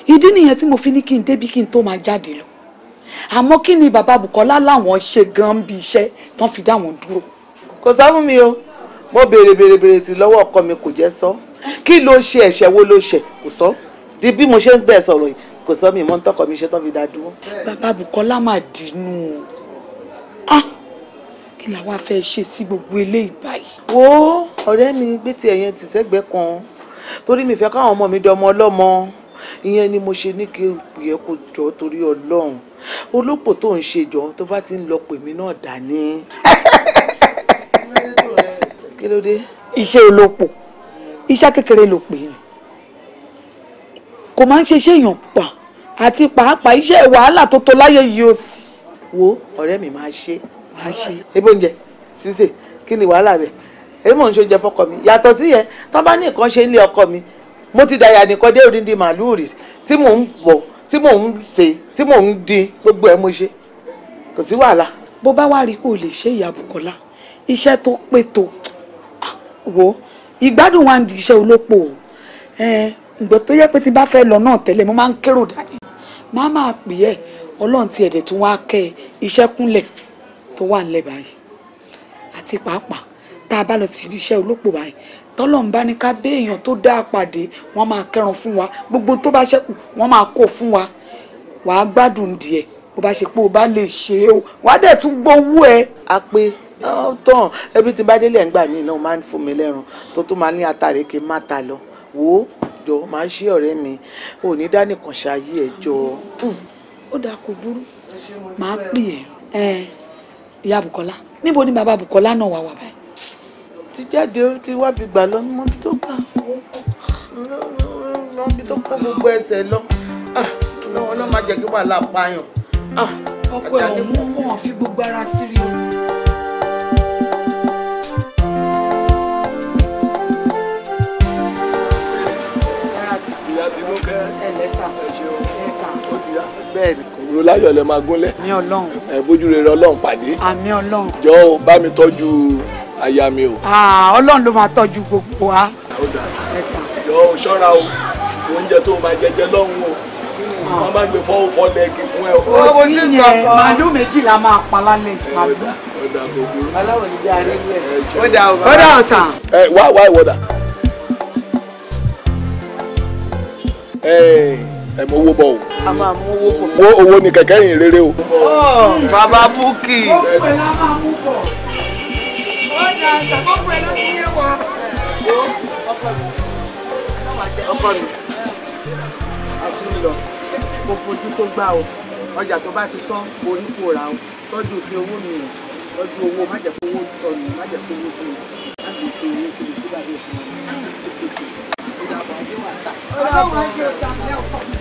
ìdí nìyẹn tí mo fi ní kí n débi kí n tó máa jáde lọ àmọ́ kí ni bàbá bukola làwọn ṣe gan bí iṣẹ́ tán fi dá dúró. kò sá mi o mo béèrè béèrè béèrè tí lọ́wọ́ ọkọ mi kò jẹ́ sọ kí ló ṣe ẹ̀ṣẹ̀ wo ló ṣẹ̀ kò sọ di bí mo ṣe ń bẹ̀ sọ̀rọ̀ yìí kò sọ mi mọ́ ń tọkọ mi ṣe tán fi dá dúró. bàbá Bùkọ́lá máa dínú o ah! kí làwa fẹ́ ṣe sí gbogbo eléyìí báyìí. wo ọ̀rẹ́ mi gbé tiẹ̀ yẹn tì sẹ́gbẹ̀ẹ́ kan torí mi fẹ́ káwọn ọmọ mi dọmọ ọlọ́mọ ìyẹn ni mo ṣe ní kí yẹ kó jọ torí ọlọ́run olópò tó ń ṣe jọ tó bá ti ń lọ pèmí náà dání. kí ló dé. iṣẹ́ olópò iṣẹ́ kékeré ló pè é kò máa ń ṣe iṣẹ́ èèyàn pa àti pàápàá iṣẹ́ wàhálà tó tó láyé yìí ó sì. wo ọ̀rẹ́ mi máa ṣe. máa ṣe. ebo oúnjẹ sísè kí ni wàhálà rẹ èyí mò ń ṣe oúnjẹ fọkọ mi yàtọ̀ sí yẹn tó bá ní nǹkan ṣe nílé ọkọ mi mo ti dàyà nìkan dé orí ndi màálù rì tí mò ń bọ̀ tí mò ń ṣe tí mò ń dín gbogbo ẹ̀ mo ṣe kò sí wàhálà. bó bá wá rí kó o lè ṣe ìyá Bùkọ́lá iṣẹ́ tó pé tó ah, wò ìgbádùn wa ń iṣẹ́ olóko o ǹgbọ́n tó yẹ pé tí bá fẹ́ lọ náà tẹ́lẹ̀ mo máa ń kérò dání máa máa pè ẹ́ ọlọ́run ti ẹ̀dẹ̀ tó wá kẹ́ iṣẹ́ kúnlẹ̀ tó wà ńlẹ̀ báyìí àti pàápàá tá a bá lọ síbi iṣẹ́ olóko báyìí tọ́lọ́run bá ní ká bẹ èèyàn tó dáa pàdé wọ́n máa kẹ́ran fún wa gbogbo tó bá ṣẹ́kù wọ́n máa kó fún wa wàá gbádùn díẹ̀ bó bá ṣe pé o bá lè ṣe é o wàá dẹ̀ tún gbowó ẹ. a pé tán ẹbí tí bá ń gbà mí náà máa ń fún mi lẹ́rùn tó tún máa ní atàrékè má ta lọ wò ó jọ máa ń ṣí ọ̀rẹ́ mi ò ní dánìkan ṣayé ẹ̀ jọ. Hmm. ó dáa kò burú màá pè é ìyá Bùkọ́lá níbo ni bàbá bukola náà wà wà báyìí ti jáde ó ti wábi gbà lọ ní mọ́bí tó gbà mọ́bí tó kó gbogbo ẹsẹ̀ lọ lọ́wọ́ ah, ló máa jẹ́ kí wàhálà pààyàn. Ah, ọkọ ẹ̀ ò mú fún ọ fi gbogbo ara sírí o. bẹ́ẹ̀ni kòrò láyọ̀ ẹ bójú rere ọlọ́run pàdé. àmì bá mi tọ́jú aya mi o. ọlọ́run ló máa tọ́jú gbogbo wa. yọ ṣọ́ra o oúnjẹ tó máa jẹjẹ lọ́hùn o hmm. wọ́n máa ń gbé fọ́wọ́ fọ́ lẹ́ẹ̀kì fún ẹ. owó sí yẹn màálù méjìlá máa pa lálẹ́ màálù. ọ̀dà kò burú. aláwọ̀ ní bí a rí ilé. ọ̀dà ọ̀sán. ẹ wá wá ìwọ́dà. ẹ mọ owó bọ o. a máa mú owó bọ. wo owó ni kẹ̀kẹ́ yìí rere o. Oh. Hmm, bàbá búkì. ó pè lá máa mú bọ̀ ọkọ ọjà tó bá ti tán mo ní kó ra o tọ́jú òfin owó mi rẹ̀ tọ́jú owó má jẹ́ kówó sọnù má jẹ́ kówó tó má jẹ́ kó owó tó tó bá dé fún mi.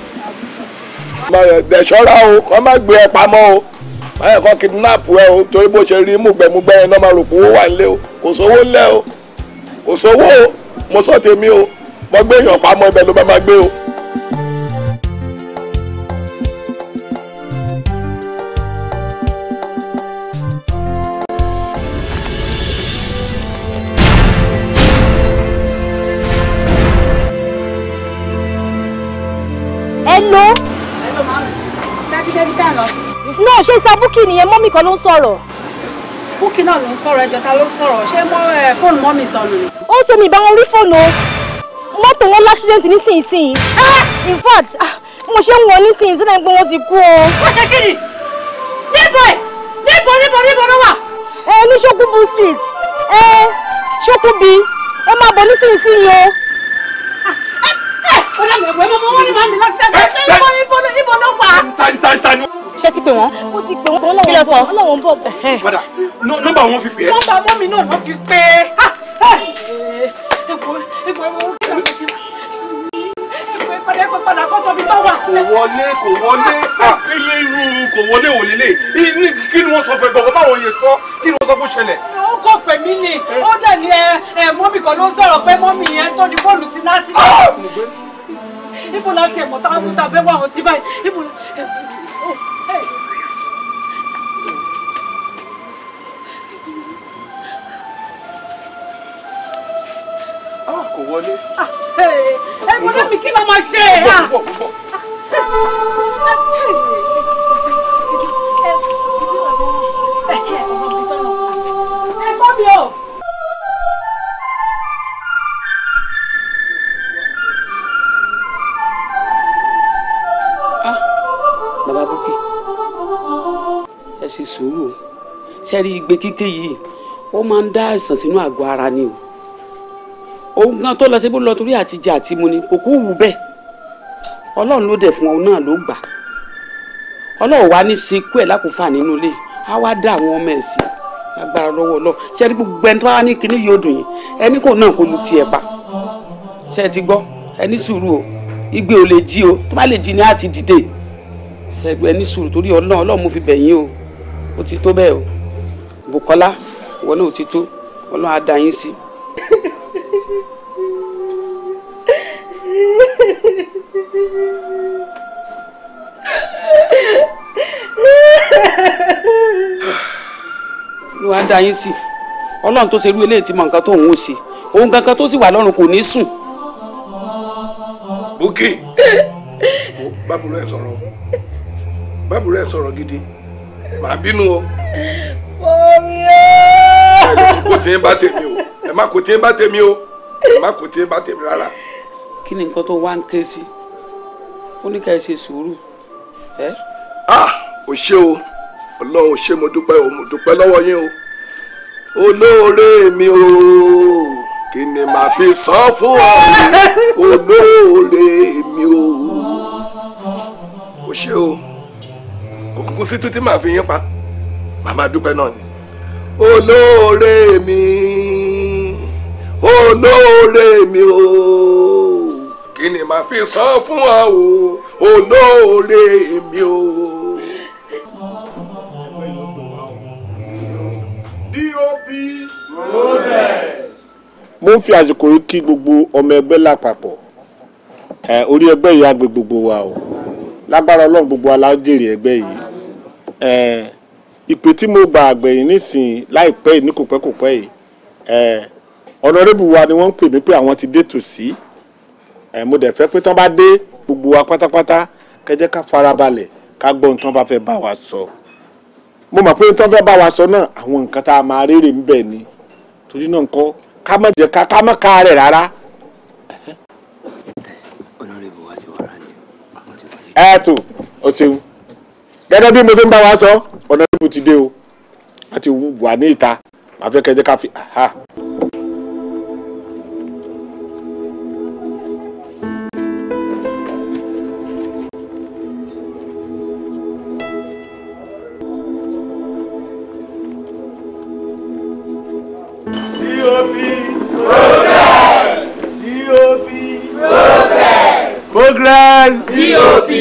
Bẹ̀ṣọ́ra o, kọ́ má gbé ẹ pamọ́ o. báyọ̀ kan kidnap ẹ o torí bó ṣe rí múgbẹ̀múgbẹ́ yẹn náà máa rò pé owó wà nílé o kò sówó o kò sówó o mo sọ tèmi o mo gbé èèyàn pamọ́ ibẹ̀ ló bá máa o. Mr. Bukky nìyẹn mọ́mì kan ló ń sọ̀rọ̀. Bukky náà ló ń sọ̀rọ̀ ẹjọ́ ta ló ń sọ̀rọ̀ ṣé mọ́ fóònù mọ́mì sọnù ni. ó ṣe mi ìbáwọn orí fóònù o mọ́tò wọn láksidẹ̀ntì nísinsìnyí ah, in fact ah, mo ṣe ń wọ nísinsìnyí sílẹ̀ pé wọ́n ti kú o. wọ́n ṣe kí ni níbo ẹ̀ níbo níbo níbo ló wà. ẹ ní ṣókùbù street ẹ ṣókùbì ẹ máa bọ̀ nísinsìnyí o. Ah, ẹ ẹ ọ̀dà mi ẹ̀wẹ̀ mọ́ mọ́ wọ́n ní màmí lásìkò ẹ̀ ṣé ibo ibo ló wà ṣe ti pè wọ́n. mo ti pè wọ́n kí lọ sọ. ọlọ́wọ́n bọ̀ bọ̀. padà nọ́mbà wọn fi pè é. nọ́mbà mọ́ mi náà ló fi pè é. kò wọlé kò wọlé ah, ilé irú kò wọlé ò lélẹ̀ kí ni wọ́n sọ fẹ́ gbọ̀ngàn báwọn yẹn sọ kí ni wọ́n sọ kó ṣẹlẹ̀. ó kò pè ni ó dẹ̀ ní ẹ mọ́mì kan ló sọ̀rọ̀ pé mọ́mì yẹn tó ní fóònù ti ná sílẹ̀ ah! ibo láti ẹ̀mọ́ tá a ta fẹ́ wá wọn sí báyìí ibo Ah, kò wọlé. ẹ ah, bọ́dọ̀ mi kí ló máa ṣe é. Ah. púpọ̀ púpọ̀ púpọ̀. ẹ kọ́ mi o. ẹ ṣe sùúrù ṣe rí igbe kíké yìí ó máa ń dá àìsàn sínú àgọ́ ara ni o òun gan tó lọ sí bó lọ torí àtijẹ àtimu ni kò kú wù bẹ́ẹ̀ ọlọ́run ló dẹ̀ fún òun náà ló gbà ọlọ́run wá ní sekú ẹ̀ lákòófà nínú ilé á wá dá àwọn ọmọ ẹ̀ sí agbára lọ́wọ́ ọlọ́run ṣe é gbogbo ẹni tó wá ní kinní yóò dùn yín ẹni kò náà kò lu tiẹ̀ pa ṣe é ti gbọ́ ẹni sùúrù o igbe ò lè jí o tó bá lè jí ni á ti dìde ṣe é ẹni sùúrù torí ọlọ́run ọlọ́run mo fi bẹ̀ yín o ó ti tó bẹ́ẹ̀ o Bùkọ́lá ìwọ náà ó ti tó ọlọ́run á dá yín sí. ló wá dá yín sí ọlọ́run tó ṣe irú eléyìí ti mọ to tó ń wò sí kankan to si wà lọ́run ko ní sùn. Búkì bábùrú ẹ soro gidi ma binu o. o. ẹ lè ko ti ń bá tèmi o ẹ má kó tí ń bá o ẹ má kó tí ń bá tèmi kí ni nǹkan tó wá ń ké sí ó ní ká ẹ ṣe sùúrù. ah ṣe o ọlọ́run ṣe mo dúpẹ́ o mo dúpẹ́ lọ́wọ́ yín o olóore mi o kí ni màá fi sọ fún ọ olóore mi o ò ṣe o kò sí títí màá fi yín pa màmá dúpẹ́ náà ni olóore mi olóore mi o kí ni màá fi san fún ọ o olóore mi o. dop mo ń fi àsìkò yìí kí gbogbo ọmọ ẹgbẹ́ lápapọ̀ orí ẹgbẹ́ yìí á gbé gbogbo wa o lágbára ọlọ́run gbogbo alájèrè ẹgbẹ́ yìí ìpè tí mo gbà àgbẹ̀yìn nísìn láìpẹ́ yìí ní kò pẹ́ kò pẹ́ yìí ọ̀nàrẹ́bù wa ni wọ́n ń pè mí pé àwọn ti dé tòsí. Si mo dẹ̀ fẹ́ pé tán bá dé gbogbo wa pátápátá kẹjẹ́ ká farabalẹ̀ ká gbọ́ ohun bá fẹ́ bá wa sọ mo mọ̀ pé tán fẹ́ bá wa sọ náà àwọn nǹkan tá a máa rérè ń bẹ̀ ni torí náà nǹkan ká má jẹ́ ká ká má ká rẹ̀ rárá. ẹ tó o ṣeun gẹ́gẹ́ bí mo ti ń bá wa sọ ọ̀nà ti dé o a ti wà ní ìta màá fẹ́ kẹjẹ́ ká fi. pop. pop.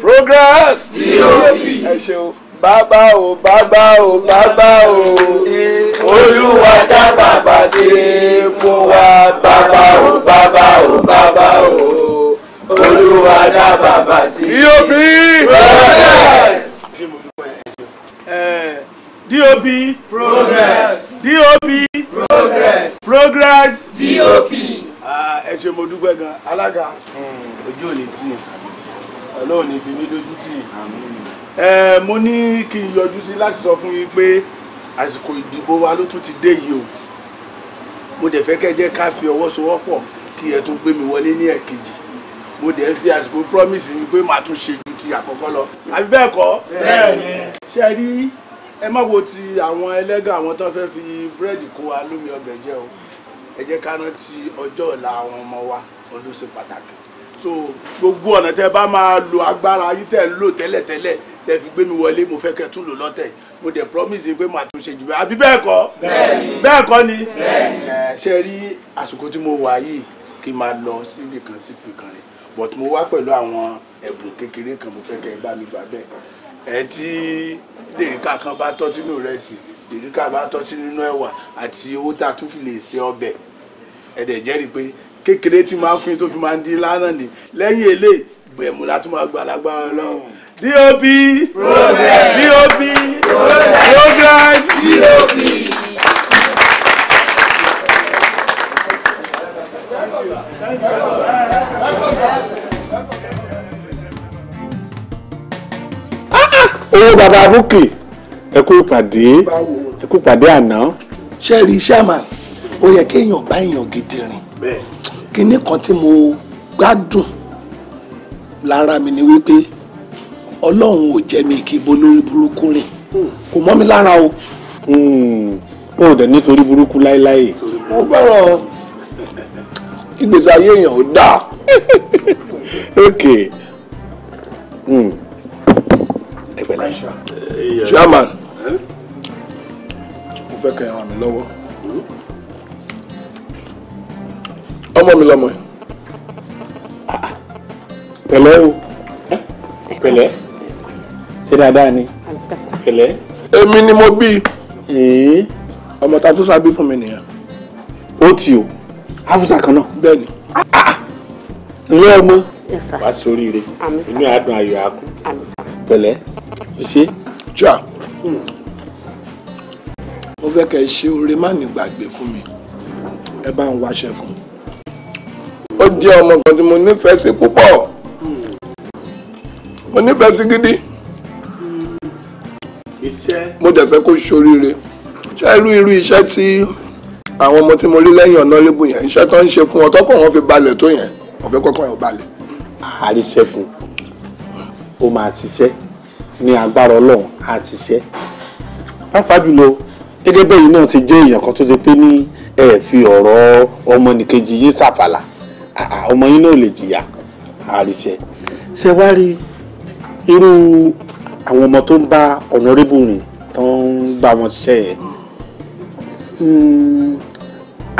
progress. pop. ẹ ṣeun bàbá o bàbá o bàbá o olúwa dá bàbá sí fún wa bàbá o bàbá o bàbá o olúwa dá bàbá sí. yóò progress. DOP progress DOP progress progress DOP. Ah, ẹ ṣe mo dúpẹ́ gan alága hmm, ojú ò ní tì ọlọ́run ní fi mí dojú tì mo ní kí n yọjú sí láti sọ fún yín pé àsìkò ìdìbò wa ló tún ti dé yìí o mo dẹ̀ fẹ́ kẹ́ jẹ́ ká fi ọwọ́ sowọ́pọ̀ kí ẹ tún gbé mi wọlé ní ẹ̀kejì mo dẹ̀ ń fi àsìkò promise mi pé màá tún ṣe ju ti àkọ́kọ́ lọ àbí bẹ́ẹ̀ kọ́ bẹ́ẹ̀ ni ṣe rí ẹ má wo ti àwọn ẹlẹ́gàn àwọn tó fẹ́ fi búrẹ́dì kó wa lómi ọbẹ̀ jẹ́ o ẹ jẹ́ ká rántí ọjọ́ ọ̀la àwọn ọmọ wa ọdún ṣe pàtàkì so gbogbo ọ̀nà tẹ bá máa lo agbára yìí tẹ̀ ń lò tẹ́lẹ̀tẹ́lẹ̀ tẹ fi gbé mi wọlé mo fẹ́ kẹ́ tún lò lọ́tẹ̀ mo dẹ̀ promise pé màá tún ṣe jù bẹ́ẹ̀ àbí bẹ́ẹ̀ kọ́ bẹ́ẹ̀ kọ́ ni ṣe rí àsìkò tí mo wà yìí kí n máa lọ síbì kan síbì kan rẹ̀ but mo wá pẹ̀lú àwọn ẹ̀bùn kékeré kan mo fẹ́ kẹ́ bá mi gbà bẹ́ẹ̀ ẹ tí dèrìkà kan bá tọ́ sínú rẹ̀ sí bá tọ́ sínú ẹ̀wà àti owó tá a tún fi lè ṣe ọbẹ̀ ẹ̀dẹ̀ jẹ́rìí pé kékeré tí máa ń fún tó fi máa ń dín lánàá ni lẹ́yìn eléyìí gbẹ̀mú la tún máa gbà lágbára ọlọ́run dop dop progress dop owó baba búkì ẹ kú ìpàdé ẹ kú ìpàdé àná. sẹ́ẹ̀rì sherman ó yẹ kéèyàn bá èèyàn gidi rìn kinní kan tí mo gbádùn lára mi ni wípé ọlọ́run ò jẹ́ mi kí ibo lórí burúkú rìn kò mọ́ mi lára o. ó hmm, dẹ̀ nítorí burúkú láéláé. mo gbọ́dọ̀ ìgbésí ayé èèyàn ò dáa. ok. Mm pẹ̀lẹ́ eh, chairman mo fẹ́ kẹ́ ẹ ràn mí ọmọ mi lọmọ ẹ o pẹ̀lẹ́ ṣé dáadáa ni pẹ̀lẹ́ èmi ni mo bí ọmọ ta tó sábí fún mi nìyẹn ó ti o hafusa kan náà bẹ́ẹ̀ ni ilé ah, ah. ọmọ wàá sóríire inú àdùn ayọ̀ àkú pẹ̀lẹ́ o ṣe. tíwa mo fẹ́ kẹ́ ẹ ṣe oore má ní gbàgbé fún mi ẹ bá ń wáṣẹ fún ó jẹ́ ọmọ kan tí mo nífẹ̀ẹ́ sí púpọ̀ hmm. mo nífẹ̀ẹ́ sí gidi hmm. mo dẹ̀ fẹ́ kó ṣoríire ṣé irú irú iṣẹ́ tí àwọn ọmọ tí mo rí lẹ́yìn ọ̀nà lébù yẹn iṣẹ́ tó ń ṣe fún ọ tọ́kọ̀ wọn fi balẹ̀ tó yẹn ọ̀fẹ́ kọ́kọ́ yẹn ò balẹ̀. àríṣẹ́ fún un ó máa ṣiṣẹ́ ní agbára ọlọ́run á ṣiṣẹ́ pàápàá jùlọ gẹ́gẹ́ bẹ́ẹ̀ yìí náà ti jẹ́ èèyàn kan tó ṣe pé ní ẹ fi ọ̀rọ̀ ọmọnìkejì yín ṣàfàlà ọmọ yín náà lè jìyà àríṣẹ́ ṣe wá rí irú àwọn ọmọ tó ń bá ọ̀nàrẹ́bù rìn tó ń bá wọn ṣiṣẹ́ yẹn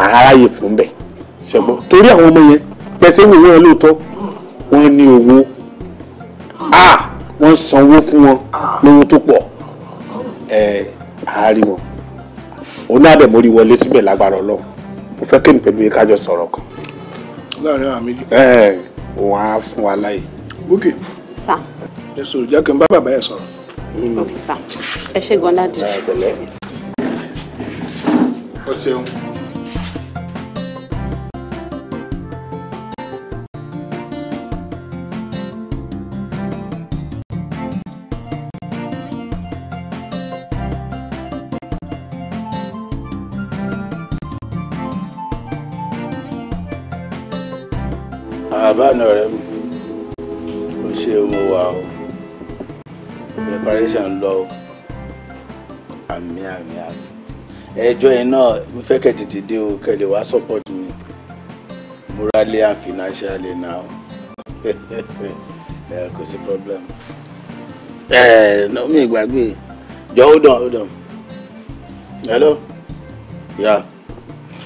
àráyè hmm, fún bẹ́ẹ̀ ṣẹ́gbọ́n torí àwọn ọmọ yẹn pẹ̀sẹ̀ wò wọ́n lóòótọ́ wọ́n ní owó Ah, ah, wọ́n sanwó fún wọn lówó tó pọ̀ ẹ̀ àárí wọn òun náà dẹ̀ mórí wọlé síbẹ̀ lágbára ọlọ́run mo fẹ́ kí n pẹ̀lú yín kájọ sọ̀rọ̀ kan. láàrin àmì. ẹ òun á fún wa láyè. wókè. sà. ẹ sọ̀rọ̀ jẹ́ kí bá bàbá yẹn sọ̀rọ̀. ok sà ẹ ṣe gan-an o ṣeun. fine ọ̀rẹ́ mi o ṣe mo wà o preparation lọ o àmì àmì àmì ẹjọ́ yẹn náà mo fẹ́ kẹ́ tètè dé o kẹ́ lè wá support me, morally and financially now Because eh, the problem ẹ eh, ẹ mi gbàgbé jọ hold on hold on hello Yeah. yeah.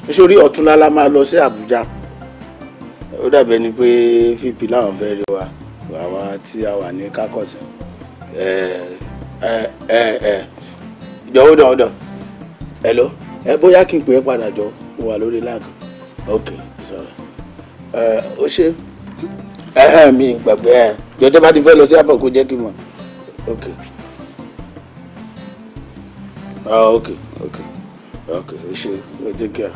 nítorí ọ̀túnlá la máa lọ sí Àbújá ó dàbẹ̀ ni pé fp làwọn fẹ́ rí wa àwọn tí a wà ní kákọ́sì ẹ ẹ ẹ ẹ jọ ó dàn ó dàn ẹ lọ ẹ bóyá kí n pè é padà jọ mo wà lórí láàgì ok sorry ẹ ó ṣe ẹ ẹ mi gbàgbé ẹ jọjọ bá ti fẹ́ lọ sí àbọ̀ kó jẹ́ kí n mọ̀ ok ah ok ok ok ó ṣe ó jẹ́ kí a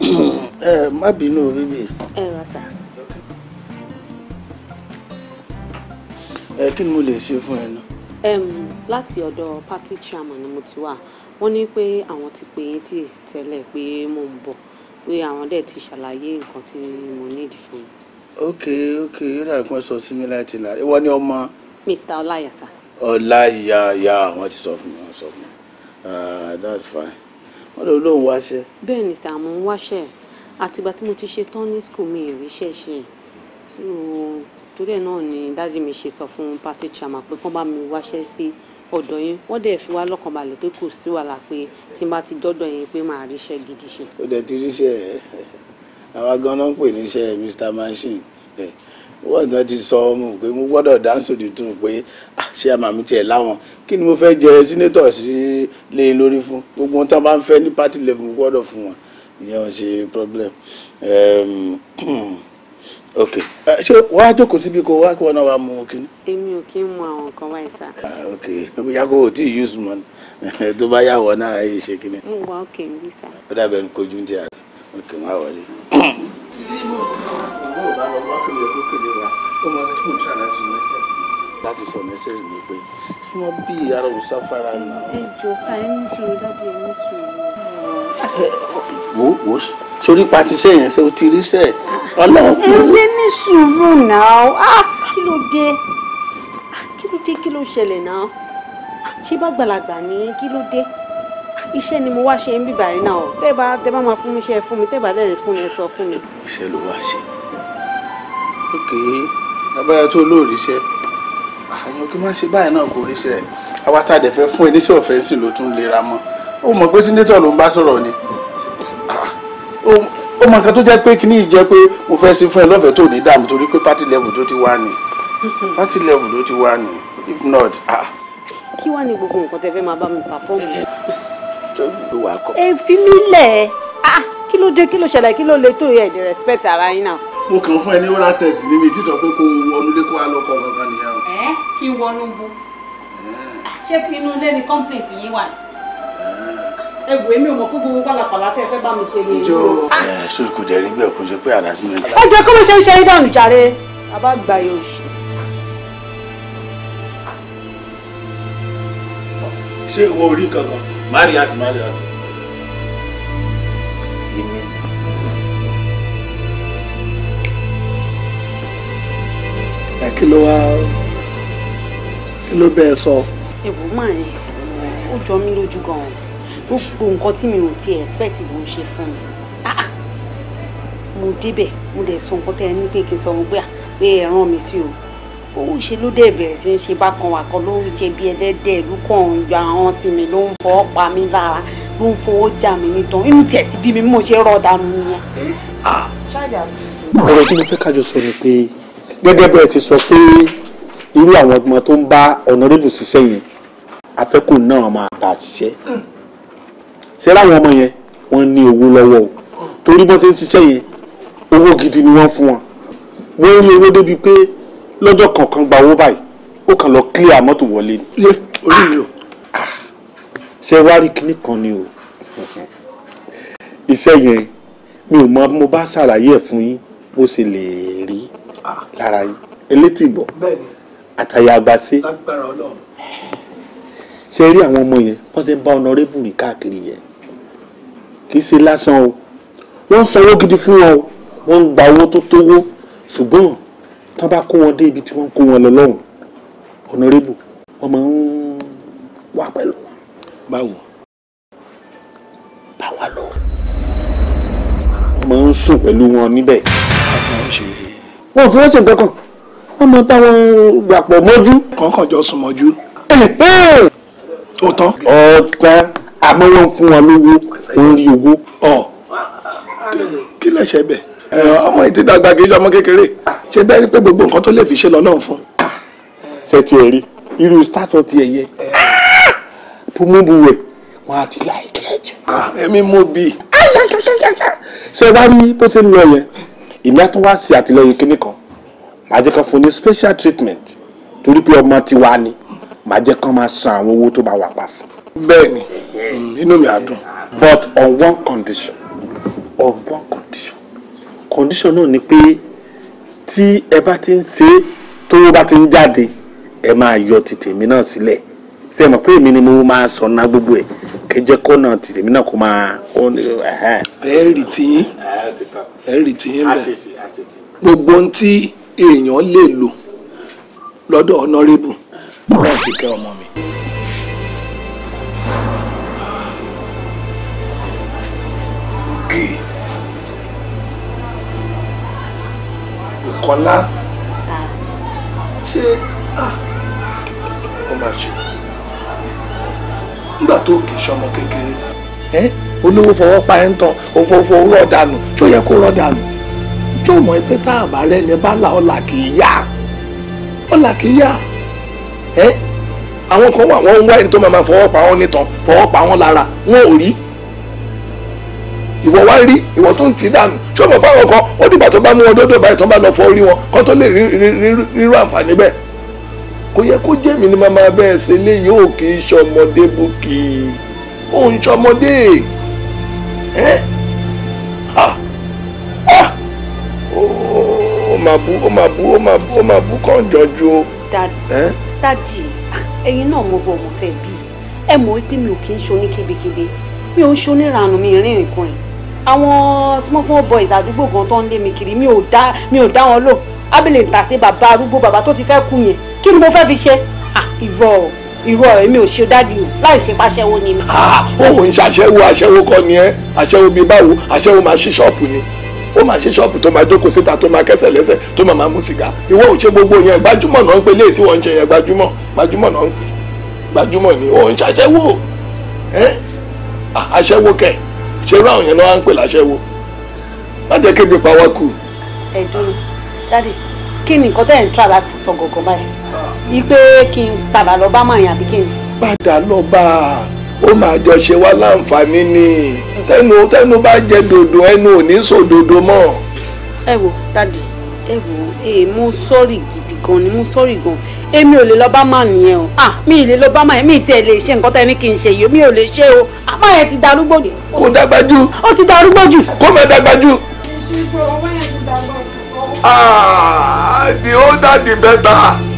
ẹ eh, má bínú bíbí. ẹ rọ sà. ẹ kí ni mo lè ṣe fún ẹ náà. láti ọ̀dọ̀ party chairman ni mo ti wà wọ́n ní pé àwọn ti pè é tì tẹ́lẹ̀ pé mo ń bọ̀ pé àwọn dẹ̀ ti ṣàlàyé nǹkan tí mo nídìí fún un. ok ok yóò dàgbọ́n sọ sí mi láti là ìwọ ni ọmọ. mr ọláyà sà. ọláyà ya wọ́n ti sọ fún mi wọ́n sọ fún mi ah, that's fine wọ́n lè lóun wáṣẹ́. bẹ́ẹ̀ ni sà mo ń wáṣẹ́ àtìgbà tí mo ti ṣe tán ní skul mi ìríṣẹ́ ṣe torí ẹ̀ náà ni dájú mi ṣe sọ fún pati chairman pé kán bá mi wáṣẹ́ sí ọ̀dọ̀ yín wọ́n dẹ̀ fi wá lọ́kàn balẹ̀ pé kò sí wàhálà pé tí n bá ti dọ́dọ̀ yín pé màá ríṣẹ́ gidi ṣe. ó dẹ̀ ti ríṣẹ́ àwa gan-an pè níṣẹ́ Mr. Machine wọ́n tán ti sọ ọmọ pé mo gbọ́dọ̀ dáńsò tuntun pé ah, ṣé àmàmí tiẹ̀ láwọn kí ni mo fẹ́ jẹ sínétọ̀ sí lé e lórí fún gbogbo ohun tí wọ́n bá ń fẹ́ ní party level mo gbọ́dọ̀ fún wọn ìyẹn ò ṣe problem ok ṣé wàá jókòó síbi kó wá kí wọn náà wàá mú kí ni. èmi ò kí ń mu àwọn nǹkan wáyé sá. Ah, ok bóyá kò tí ì use money tó bá yà wọ náà ẹ ṣe kí ni. mo wà ókè ń bí sá. ó dàbẹ̀ kojú ti àná ok má wọlé. ọmọ ò bá lọ wá kéde kó kéde wa ó máa tí kò tíra láti mẹsẹ̀ sí láti sọ mẹsẹ̀ mi pé súnmọ́ bí ara ò sáfara nà. ìjọ sáyẹn ń sọ dájú ẹ̀ ń sọ. wò wò sórí pati sẹ́yìn ṣe o ti rí sẹ́ẹ̀ ọlọ́run kò. ilé ní sùúrù náà ah, ah, kí ló dé kí dé kí ló náà ah, ṣé bá gbàlagbà ní kí dé iṣẹ́ ni mo wá ṣe ń bíbà yín náà tẹ́ bá tẹ́ bá máa fún mi iṣẹ́ fún mi tẹ́ bá lẹ́rìí fún mi sọ fún mi iṣẹ́ ló wá ṣe. ókè abáyọ tó lóòrí iṣẹ́ àyàn kí má ṣe báyìí náà kò ríṣẹ́ àwa tá a dẹ̀ fẹ́ fún ẹ níṣẹ́ ọ̀fẹ́ sì ló tún lera mọ́ ó mọ̀ pé sínétọ̀ ló ń bá sọ̀rọ̀ ni ó mọ nǹkan tó jẹ́ pé kíní jẹ́ pé mo fẹ́ sí fún ẹ lọ́fẹ̀ẹ́ tó ní dààmú torí pé party level tó ti wá ni party level ló ti wá ni if not ah. kí wàá ní gbogbo nǹkan tẹ fẹ́ máa bá mi pàfọ́ọ̀mù. ẹ fi mí lẹ̀ ah ló dé kí ló ṣẹlẹ̀ kí ló lè tó yẹ ìdí respect ara yín náà. mo kàn fún ẹ ní oral test ní mi títọ́ pé kó wọnú lé kó wá lọ́kọ̀ kankan nìyẹn ẹ kí wọnú bú ṣé kí inú ilé ni complaint yín wà ẹwù èmi ò mọ kó gbogbo pàlàpàlà tẹ fẹ bá mi ṣe lè yí o. ẹ sórí ṣe pé àdásí mi. ẹ jẹ́ kó ló ṣe ń ṣe ìdánù jàre àbá gbà yóò ṣe. ṣé ìwọ orí kankan máa rí àti máa rí àti. kí ló wá kí ló bẹ́ẹ̀ sọ. èbó mà ẹ ó jọ mí lójú gan-an gbogbo nǹkan tí mi ò tiẹ̀ expect ló ń ṣe fún mi ah, ah. mo débẹ̀ mo dẹ̀ sọ nǹkan tẹ́ ẹ ní pé kí n sọ wọn pé pé ẹ rán mi sí o owó ṣe ló dẹ̀ bẹ̀rẹ̀ sí ń ṣe bákan wà kan ló ń jẹ bí ẹlẹ́dẹ̀ ló kàn ń yọ àwọn sí mi ló ń fọwọ́ pa mí lára ló ń fọwọ́ jà mí nìtàn inú tiẹ̀ ti bí mi mo ṣe rọ̀ dànù nìyẹn. Eh, ah. ọ̀rọ̀ tí mo fẹ́ kájọ sọ ni pé gẹ́gẹ́ bẹ́ẹ̀ ti sọ pé irú àwọn ọmọ tó ń bá ọ̀nàrẹ́bù ṣiṣẹ́ yẹn afẹ́kù náà máa bá a ṣiṣẹ́ ṣé láwọn ọmọ yẹn wọ́n ní owó lọ́wọ́ o torí bọ́n ti ń ṣiṣẹ́ yẹn owó gidi ni wọ́n fún wọn wọ́n rí owó débi pé lọ́jọ́ kọ̀ọ̀kan gba owó báyìí ó kàn lọ clear mọ́tò wọlé ni. yé orí mi o. ṣé wá rí kinní kan ni o iṣẹ́ yẹn mi ò mọ mo bá ṣàlàyé ẹ̀ fún yín bó ṣe lè rí Ah. lára yìí elétìbọ̀ àtàyàgbàsé ṣe rí àwọn ọmọ yẹn wọ́n ṣe ń bá ọ̀nàrẹ́bù rìn káàkiri yẹn kì í ṣe lásán o wọ́n ń sanwó gidi fún wọn o wọ́n ń gba owó tó tówó ṣùgbọ́n tán bá kó wọn dé ibi tí wọ́n kó wọn lọ lọ́hùn ọ̀nàrẹ́bù wọ́n máa ń wà pẹ̀lú báwo. báwa lọ. wọ́n máa ń sùn pẹ̀lú wọn níbẹ̀. wọ́n máa ń ṣe é wọn ò fi wọ́n ṣe nǹkan kan wọ́n máa bá wọn gbàpọ̀ mọ́jú. kọ̀ọ̀kan jọ sùn mọ́jú. ó tán. ọ̀tá àmọ́ wọ́n fún wọn lówó orí owó. ọ kí lè ṣe bẹ ọmọ yìí ti dàgbà kejì ọmọ kékeré ṣe bẹ́ẹ̀ rí pé gbogbo nǹkan tó lè fi ṣe lọ́lọ́run fún. ṣe tiẹ̀ rí irú státọ̀ tiẹ̀ yẹ pumubuwe wọn á ti láì kẹ́ẹ̀jì. Ah, ẹ̀mí mú bí. ṣe wá rí bó ṣe ń lọ yẹn èmi á wá sí àtìlẹyìn kínní kan màá jẹ́ kán fún ní special treatment torí pé ọmọ ti wá ni màá jẹ́ kán máa san àwọn owó tó bá wà pa fún. bẹ́ẹ̀ni inú mi á dùn. but on one condition on one condition condition náà ni pé tí ẹ bá ti ń ṣe tó bá ti ń jáde ẹ máa yọ tètèmí náà sílẹ̀ ṣe mọ̀ pé èmi ni mo máa sọ ná gbogbo ẹ̀ kẹjẹ kó náà tètèmí náà kó máa. ẹ rí tí. ẹ ti tán ẹ̀rì tí yín bẹ̀ gbogbo ohun tí èèyàn lè lò lọ́dọ̀ ọ̀nàrẹ́bù wọ́n fi kẹ́ ọmọ mi. Kọ́lá ṣé ó máa ṣe nígbà tó kì í ṣọmọ kékeré ẹ olówó fọwọ́ pa ẹ̀ ń tan òfófó rọ̀ dànù tó yẹ kó rọ̀ dànù tó mọ̀ pé tá a bá rẹ̀ ni bá la ọ̀là kì í yá ọ̀là kì í yá ẹ àwọn kan wà wọ́n ń wá ẹni tó máa máa fọwọ́ pa wọ́n nìtàn fọwọ́ pa wọ́n lára wọn ò rí ìwọ wá rí ìwọ tó ń tì í dànù tí ó mọ̀ fáwọn kan ó dìgbà tó bá mú wọn dódò báyìí tó bá lọ fọ orí wọn kó tó lè rírú àǹfààní bẹ́ẹ̀ kò yẹ kó jẹ́mi ni màmá bẹ́ẹ̀ ṣe léyìí ò kì í ṣọmọdé bú í òun ṣọmọdé ẹ ha ha ó máa bú ó máa bú ó máa bú ó máa bú kàn jọjú o. dadi dadi ẹ̀yin náà mo bọ ọmọ tẹ bí ẹ mọ̀ pé mi ò kí ń ṣe oníkebekebe mi ò ń ṣe oníranù mi ìrìn ìkan yìí àwọn small small boys àdúgbò gan tó ń lé mi kiri mi ò dá mi ò dá wọn lò abẹ́lẹ̀ ń tà sí bàbá arúgbó bàbá tó ti fẹ́ kú yẹn kí ni mo fẹ́ fi ṣe ah ìrọ̀ irú ọ̀rọ̀ mi ò ṣe dáàdi o láì ṣe pàṣẹwó ni mi. Ah, òun ń ṣàṣẹwó aṣẹwó kọ́ ni ẹ́ aṣẹwó bíi báwo aṣẹwó máa ṣí ṣọ́ọ̀pù ni ó máa ṣí ṣọ́ọ̀pù tó máa jókòó síta tó máa kẹ́sẹ̀ lẹ́sẹ̀ tó máa máa mú sìgá ìwọ ò ṣe gbogbo yẹn gbajúmọ̀ náà ń pe léè tí wọ́n ń ṣe yẹn gbajúmọ̀ gbajúmọ̀ náà ń gbajúmọ̀ ni òun ṣàṣẹwó ẹ́ ah, aṣẹwó kẹ̀ ṣe rá òun yẹn náà ń pè láṣẹwó má jẹ́ kébi pa wá kù. ẹ dúró dáàdi kí ni nǹkan tẹ́ ẹ̀ ń tra láti sọ gọ̀ọ̀gọ̀ báyìí ipe kí n padà lọ bá màyàn àbí kí n. padà lọ bá a ó máa jọ ṣe wá láǹfààní ni tẹnu tẹnu bá jẹ dòdò ẹnu ò ní sọ dòdò mọ́. ẹ wo dadi ẹ wo ee mo sọrí gidi gan ni mo sọrí gan èmi ò lè lọ bá màá nìyẹn o ah mi ì lè lọ bá màá mi ì tiẹ̀ lè ṣe nǹkan tẹ́ ní kí n ṣe yìí mi ò lè ṣe o àmọ́ yẹn ti darúgbó ni. kò dàgbà jù. ó ti darúgbó jù. kó má dàgbà jù. ah the older the better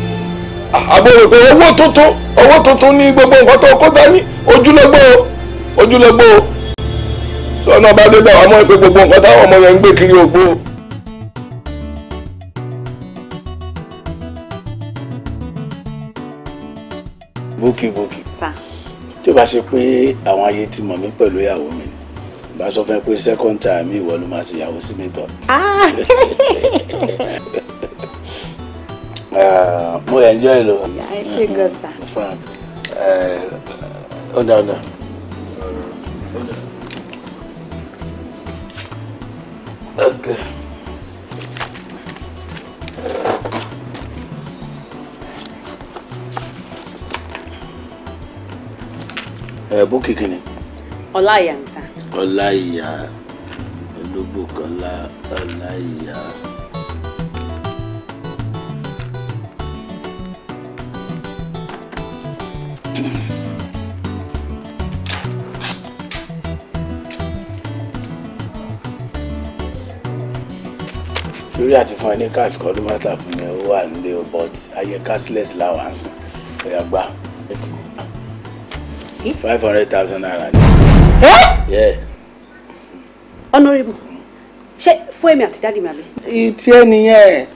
àbúrò pé owó tuntun owó tuntun ní gbogbo nǹkan tó kó dání ojúlógbó ojúlógbó sọ́nà bá dé bá wa gbogbo nǹkan táwọn ọmọ yẹn ń gbé kiri ògbó. bókì tí o bá ṣe pé àwọn ayé ti mọ̀ mí pẹ̀lú ìyàwó mi bá sọ fún ẹ pé second time ìwọ ló máa ṣèyàwó sí mi tọ̀. Ah! Eh, mo enjoy lo. ẹ ṣe gọ́sà. Eh, ó dá ó dá. Okay. ẹ̀bùn eh, kìkìnì. ọláìyá ń sá. ọláìyá ológbò kọlá ọláìyá. lórí àti fún ẹ ní cash kan ló má fún mi ó wà nílé o but ayé cashless làwọn àǹsìn ọ̀yà gbà five hundred thousand naira ni. honourable ṣé fún èmi àti dáàdì mi àbí. tí ẹnìyẹn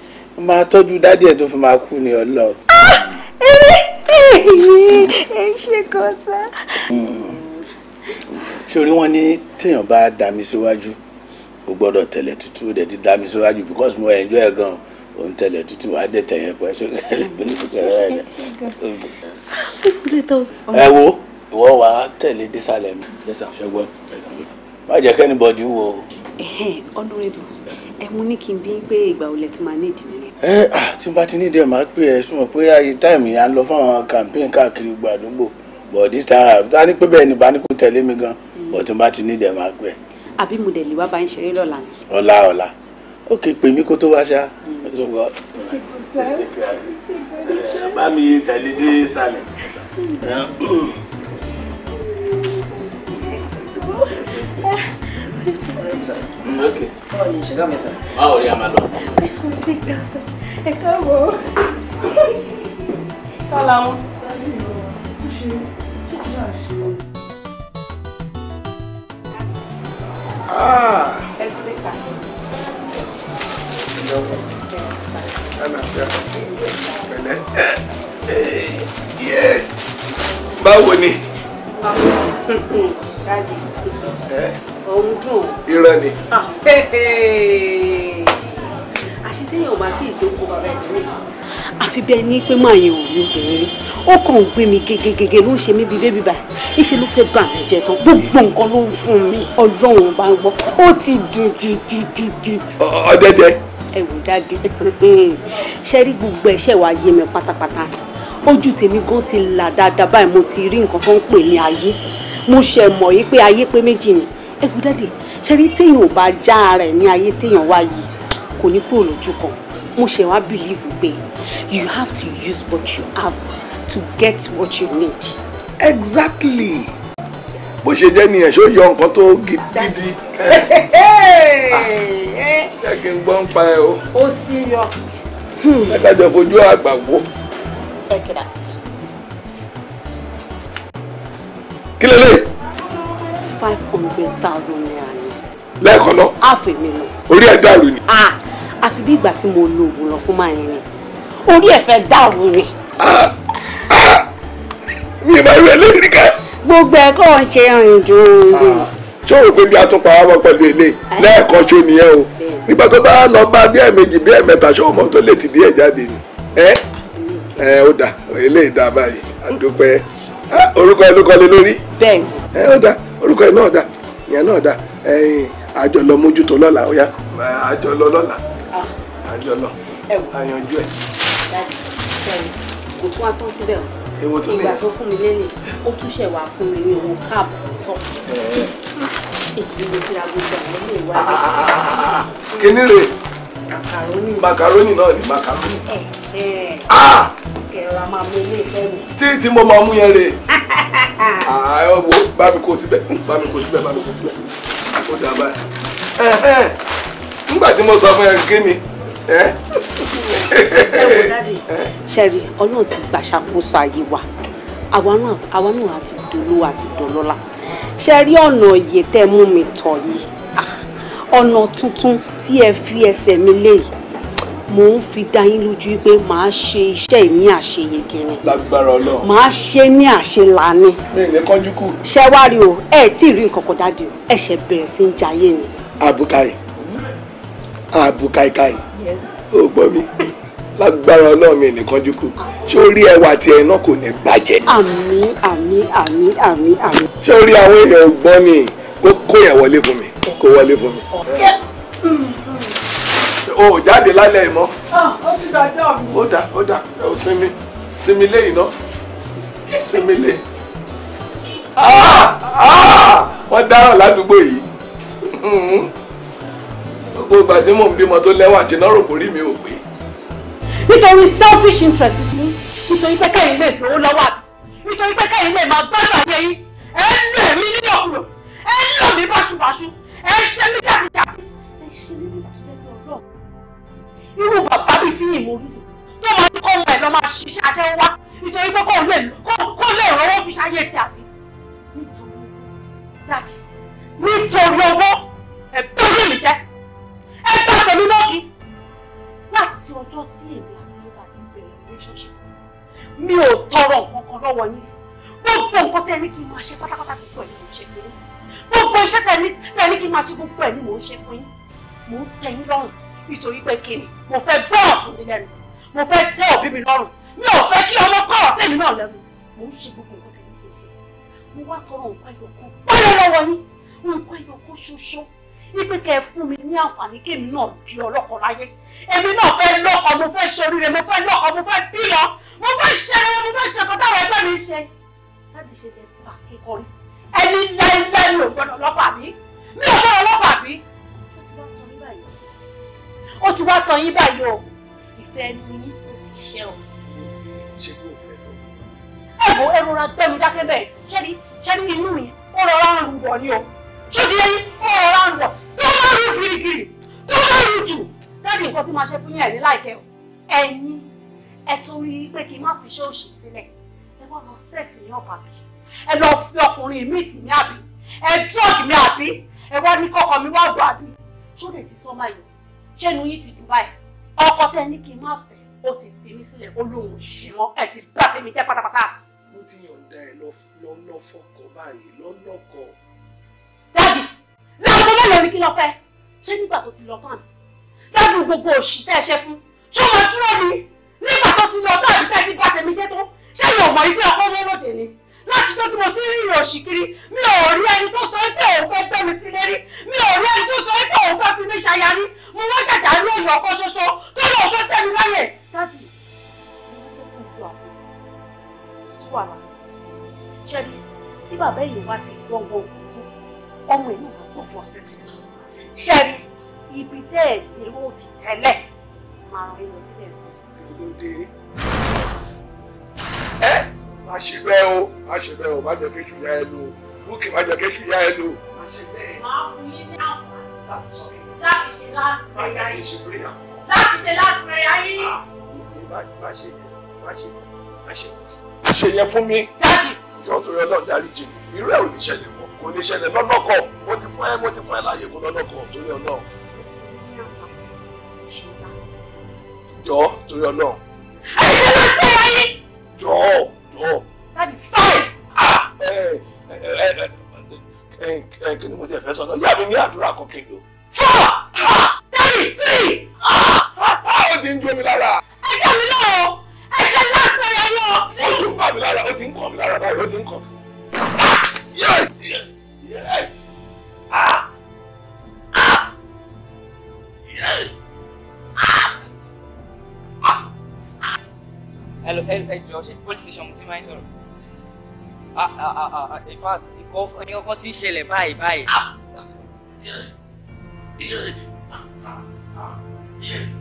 máa tọ́jú dáàdì ẹ̀ tó fi máa kú ni ọlọ́ọ̀. ẹ̀rí. Ah! ẹ ṣe kan sá. sori wọn ní téèyàn bá dá mi síwájú o gbọ́dọ̀ tẹ̀lé tútù o dẹ̀ ti dá mi síwájú because mo enjoy ẹ gan o n tẹ̀lé tútù wa dẹ̀ tẹ̀yẹ pẹ́ so ẹ wo ìwọ wa tẹ̀lé désàlẹ̀ mi ṣẹgbọ́n má jẹ́ kẹ́ni bọ́dí wo. ọ̀nùrẹ́bù ẹ mú ní kí n bí pé ìgbà olè tí màá ní ìdílé ẹ tí n bá ti ní dẹ̀ máa pè ẹ súnmọ́ pé ayé táìmù yẹn á lọ fáwọn campaign káàkiri gbogbo àdúgbò but this time ta ni pé bẹ́ẹ̀ ni bá ní kó tẹ̀lé mi gan but tí n bá ti ní dẹ̀ máa pè ẹ. àbí mo dẹ̀ lè wá bá ń ṣeré lọ́la ọ̀la ọ̀la ó kè pè mí kó tó wá ṣá. Hmm. bá mi tẹ̀lé dé sálẹ̀. Thank you okay. báwo ni ìṣẹ̀dá mi sà. báwo ni a máa lọ. pay for three thousand ẹ káwọ́. tọ́lá wọn. ni? Báwo òun dùn. irọ́ ni. Ah, àṣìtẹ́yìn bá tí ìdókòó bàbá ẹ̀ tẹ́lẹ̀. àfi bẹ́ẹ̀ ni pé máa yẹn ò obìnrin ó kàn ń gbé mi gègègègè ló ń ṣe mí bíi bébí báyìí iṣẹ́ ló fẹ́ bà mí jẹ tán gbogbo nǹkan ló ń fún mi ọlọ́run bá ń gbọ́ ó ti dùn jìjìjìjì. ọ̀dẹ́dẹ́. ẹ wò dáadé ṣe rí gbogbo ẹ̀ṣẹ̀ wa yé mi pátápátá ojú tèmi gan ti là dáadáa báyìí mo ti rí nǹkan tó ń pè ní ayé mo ṣe mọ̀ yí pé ayé pé méjì ni ẹ wo dáde ṣe téèyàn ò bá já rẹ̀ ní ayé téèyàn wá yìí kò ní kúrò lójú kan mo ṣe wá bìlíìfù pé you have to use what you have to get what you need. exactly bó ṣe jẹ́ nìyẹn ṣó yọ nǹkan tó gidi. jẹ́ kí n gbọ́ ń pa ẹ o. ó serious. látàjọ hmm. fojú àgbà wo. kí lélẹ́yìí five hundred thousand naira ni. lẹ́ẹ̀kan lọ. àfẹ mi lọ. orí ẹ̀ dàrú ni. àfi ah, bí ìgbà tí mo lo oògùn lọ fún máa ń rìn orí ẹ̀ fẹ́ dàrú ni. Ah, ah, mi ì máa ń rẹ lẹ́yìn ká. gbogbo ẹ̀ kọ́ ṣe rìn jòòrò. ṣé o rò pé bí a tún pa àwọn pẹ̀lú ilé eh? lẹ́ẹ̀kan ṣó nìyẹn o nígbà tó bá lọ bá bí ẹ̀ẹ̀mejì bí ẹ̀ẹ̀mẹ́ta ṣé ọmọ tó lè ti di ẹ̀ jáde ni ẹ eh? ẹ eh, ó dà eléyìí dá báyìí àdúpẹ́ orúkọ ẹlú kọ́lé lórí. bẹ́ẹ̀ni ẹ ọ̀dà orúkọ ẹ̀ náà dà ìyẹn náà ẹ̀yìn mójútó lọ́la lọ lọ́la ah. àjọ àyànjú ẹ̀. kò tún síbẹ̀ o ìgbà tó fún macaroni. macaroni náà ni macaroni. Eh, eh. ah kẹrọ máa mú ilé ìfẹ́ mi. tí tí mo máa mú yẹn rè é ah, wo bá mi kó síbẹ̀ bá mi kó síbẹ̀ bá mi kó síbẹ̀ ó dà báyìí. nígbà tí mo sọ fún ẹ kí ni ṣẹ́rí ọlọ́run ti gbàṣàkóso ayé wa àwa náà àti dolówó àti dọlọ́lá ṣẹ́rí ọ̀nà ìyè mú mi tọ̀ yìí ọ̀nà tuntun tí ẹ fi ẹsẹ̀ mi lé mò ń fi dá yín lójú pé màá ṣe iṣẹ́ mi àṣeyege ni. lágbára Ọlọ́run. màá ṣe ní àṣelàní. mi ì ní kánjú kù. ṣẹ́wárí o ẹ tí ì rí nǹkan kan dáàdi o ẹ ṣe bẹ̀rẹ̀ sí ń jayé ni. àbùkàì àbùkàìkàì ó gbọ́ mi lágbára ọlọ́run mi nìkan jùkú ṣé ó rí ẹwà tí ẹ náà kò ní bàjẹ́. àmín àmín àmín àmín àmín. ṣé ó rí àwọn èèyàn gbọ́n ni ó kó ìyàwó lé fún mi kó wọlé fún mi. o jáde lálẹ́ ìmọ̀. Ah, ó ti dájọ́ mi. ó dà ó dà ó sinmi sinmi lé iná sinmi lé. Ah, ah! wọ́n dáràn ládùúgbò yìí gbogbo ìgbà tí mò ń bímọ tó lẹ́wọ̀n àti náà rò kórìí mi ò pé. nítorí selfish interest yìí nítorí pé kẹ́yìn lè gbowó lọ́wọ́ àbí nítorí pé kẹ́yìn lè máa bá ìgbà yẹn yín ẹ̀ ń lò mí nílòkulò ẹ̀ ń lò mí báṣubàṣu ẹ ṣe mí jàtijàti ẹ ṣe ọ̀rọ̀ irú bàbá bíi tí yìí mo tó máa ní kó wọn ẹ̀ lọ́ máa ṣiṣẹ́ aṣẹ́ wá nítorí pé kó lè rówó fi ṣayé ti àbí nítorí dáàdì nítorí owó ẹ bóyá mi jẹ́ ẹ bá tèmi lọ́ọ̀kì láti ọjọ́ tí èmi àti ẹ̀ka ti bẹ̀rẹ̀ relationship mi ò tọrọ nǹkan kan lọ́wọ́ yín gbogbo nǹkan tẹ́ ní kí n máa ṣe pátápátá gbogbo ẹ̀ ló ṣe fún mi gbogbo iṣẹ́ tẹ̀lé tẹ̀lé kí n máa ṣe gbogbo ẹ̀ ni mò ń ṣe fún yín mò ń tẹ́ yín lọ́rùn nítorí pé kíni mo fẹ́ bọ́ ọ̀sùn mi lẹ́nu mo fẹ́ tẹ́ òbí mi lọ́rùn mi ò fẹ́ kí ọmọ kọ́ ọ̀sẹ̀ mi náà lẹ́nu mò ń ṣe gbogbo nǹkan tẹ̀lé kí n ṣe mo wá tọrọ nǹkan ìyókù pẹ́lẹ́ lọ́wọ́ yín nǹkan ìyókù ṣoṣo wípé kẹ́ ẹ fún mi ní àǹfààní kémi náà di ọlọ́kọ láyé èmi náà fẹ́ lọ́kọ mo fẹ́ ṣe oríire mo fẹ́ lọ́kọ mo fẹ́ bímọ mo fẹ́ ṣe mo fẹ́ ṣe kọ́tà wẹ́gbẹ́ mi ṣe láti ṣe bẹ́ẹ̀ fà kíkọrin ní láíláí mi ò gbọ́dọ̀ lọ́kọ̀ àbí mi ò gbọ́dọ̀ lọ́kọ̀ àbí. ó ti wá tán yín báyìí o ìfẹ́ ẹnu yín ó ti ṣe o. ṣé kí o fẹ́ lọ. ẹ wo ẹ rọra gbẹmí dákẹ́ bẹ́ẹ̀ ṣẹ́rí ṣẹ́rí inú mi ó rọra ń rùn wọ̀ ni o ṣó ti yẹ yín ó rọra ń wọ̀ tó máa rú kirikiri tó máa rú jù dáàbì nǹkan tí màá ṣe fún yín ẹ̀ ní láìkẹ́ o ẹ̀yin ẹ̀ torí pé kí n má fi ṣe òṣì sílẹ̀ ẹ wá lọ sẹ́ẹ̀tì yín ọ̀bàbí ẹ lọ fi ọkùnrin mi tì mí àbí ẹ drug mi àbí ẹ wá ní kọkọ mi wá gbọ àbí ṣó lè ti tán báyìí ṣé inú yìí ti dùn báyìí ọkọ tẹ ní kí n má fẹ́ ó ti fi mí sílẹ̀ ó lóun ò ṣì mọ́ ẹ ti bá tèmi jẹ́ pátápátá. mo ti yọ̀ǹda ẹ lọ fọkọ báyìí lọ́lọ́kọ. dájú láago mélòó ni kí lọ fẹ́ ṣé nígbà tó ti lọ tán ni dájú gbogbo òṣìṣẹ́ ẹṣẹ́ fún ṣé o máa dúró ni nígbà tó ti lọ tán àbí tẹ́ ti bá tèmi jẹ́ tó ṣé yóò mọ̀ ibi ọkọ lóòròdè ni láti tó tí mo ti rí ìrò ṣìkiri mi ò rí ẹni tó sọ pé òun fẹ́ gbé mi sílé rí mi ò rí ẹni tó sọ pé òun fẹ́ fi mí ṣaya rí mo wá jàjà rí èèyàn ọkọ ṣoṣo tó lọ fẹ́ tẹ́ mi láyè. dájú ìwà ṣẹ́ni tí bàbá èyí wá ti gbọ́wọ́ òkú ọmọ èyí wà tó fọ́ sísè ṣẹ́ni ibi tẹ́ ẹ̀ lérò ti tẹ́lẹ̀ máa rán lọ sílẹ̀ sí i má ṣe bẹ́ẹ̀ o má ṣe bẹ́ẹ̀ o má jẹ́ kéṣù yá ẹ lò búkì má jẹ́ kéṣù yá ẹ lò má ṣe bẹ́ẹ̀. máa fún yín ní àǹfààní láti sọ kí láti ṣe last prayer yín láti ṣe last prayer yín. má ṣe yẹn má ṣe yẹn má ṣe yẹn má ṣe yẹn fún mi. dáàdì. ìjọ tó yọ náà dárí jì mí irú ẹ̀ ò ní ṣẹlẹ̀ mọ́ kò ní ṣẹlẹ̀ lọ́dọ̀ kọ̀ mo ti fún ẹ mo ti fún ẹ láàyè kò lọ́dọ̀ kọ̀ tó yọ náà. jọ tó yọ náà. àìsàn ló ń pè é yín. jọ lọ. Oh. fine. ah ẹ ẹ ẹ ẹ kí ni mo tẹ fẹ́ sọ náà yàrá mi ní àdúrà kan kí four ah three three ah ah ó ti ń jó mi lára. ẹ jẹ́ mi náà o ẹ ṣe láti ẹ̀yẹ lọ. you ti ń What mí lára ó ti What kàn mí lára báyìí ó yes yes yes ah ah yes ah hello ẹjọ ṣe police station mo ti máa ń sọ̀rọ̀ in fact nǹkan kan ti ń ṣẹlẹ̀ báyìí báyìí. Ah! Ah! Ah!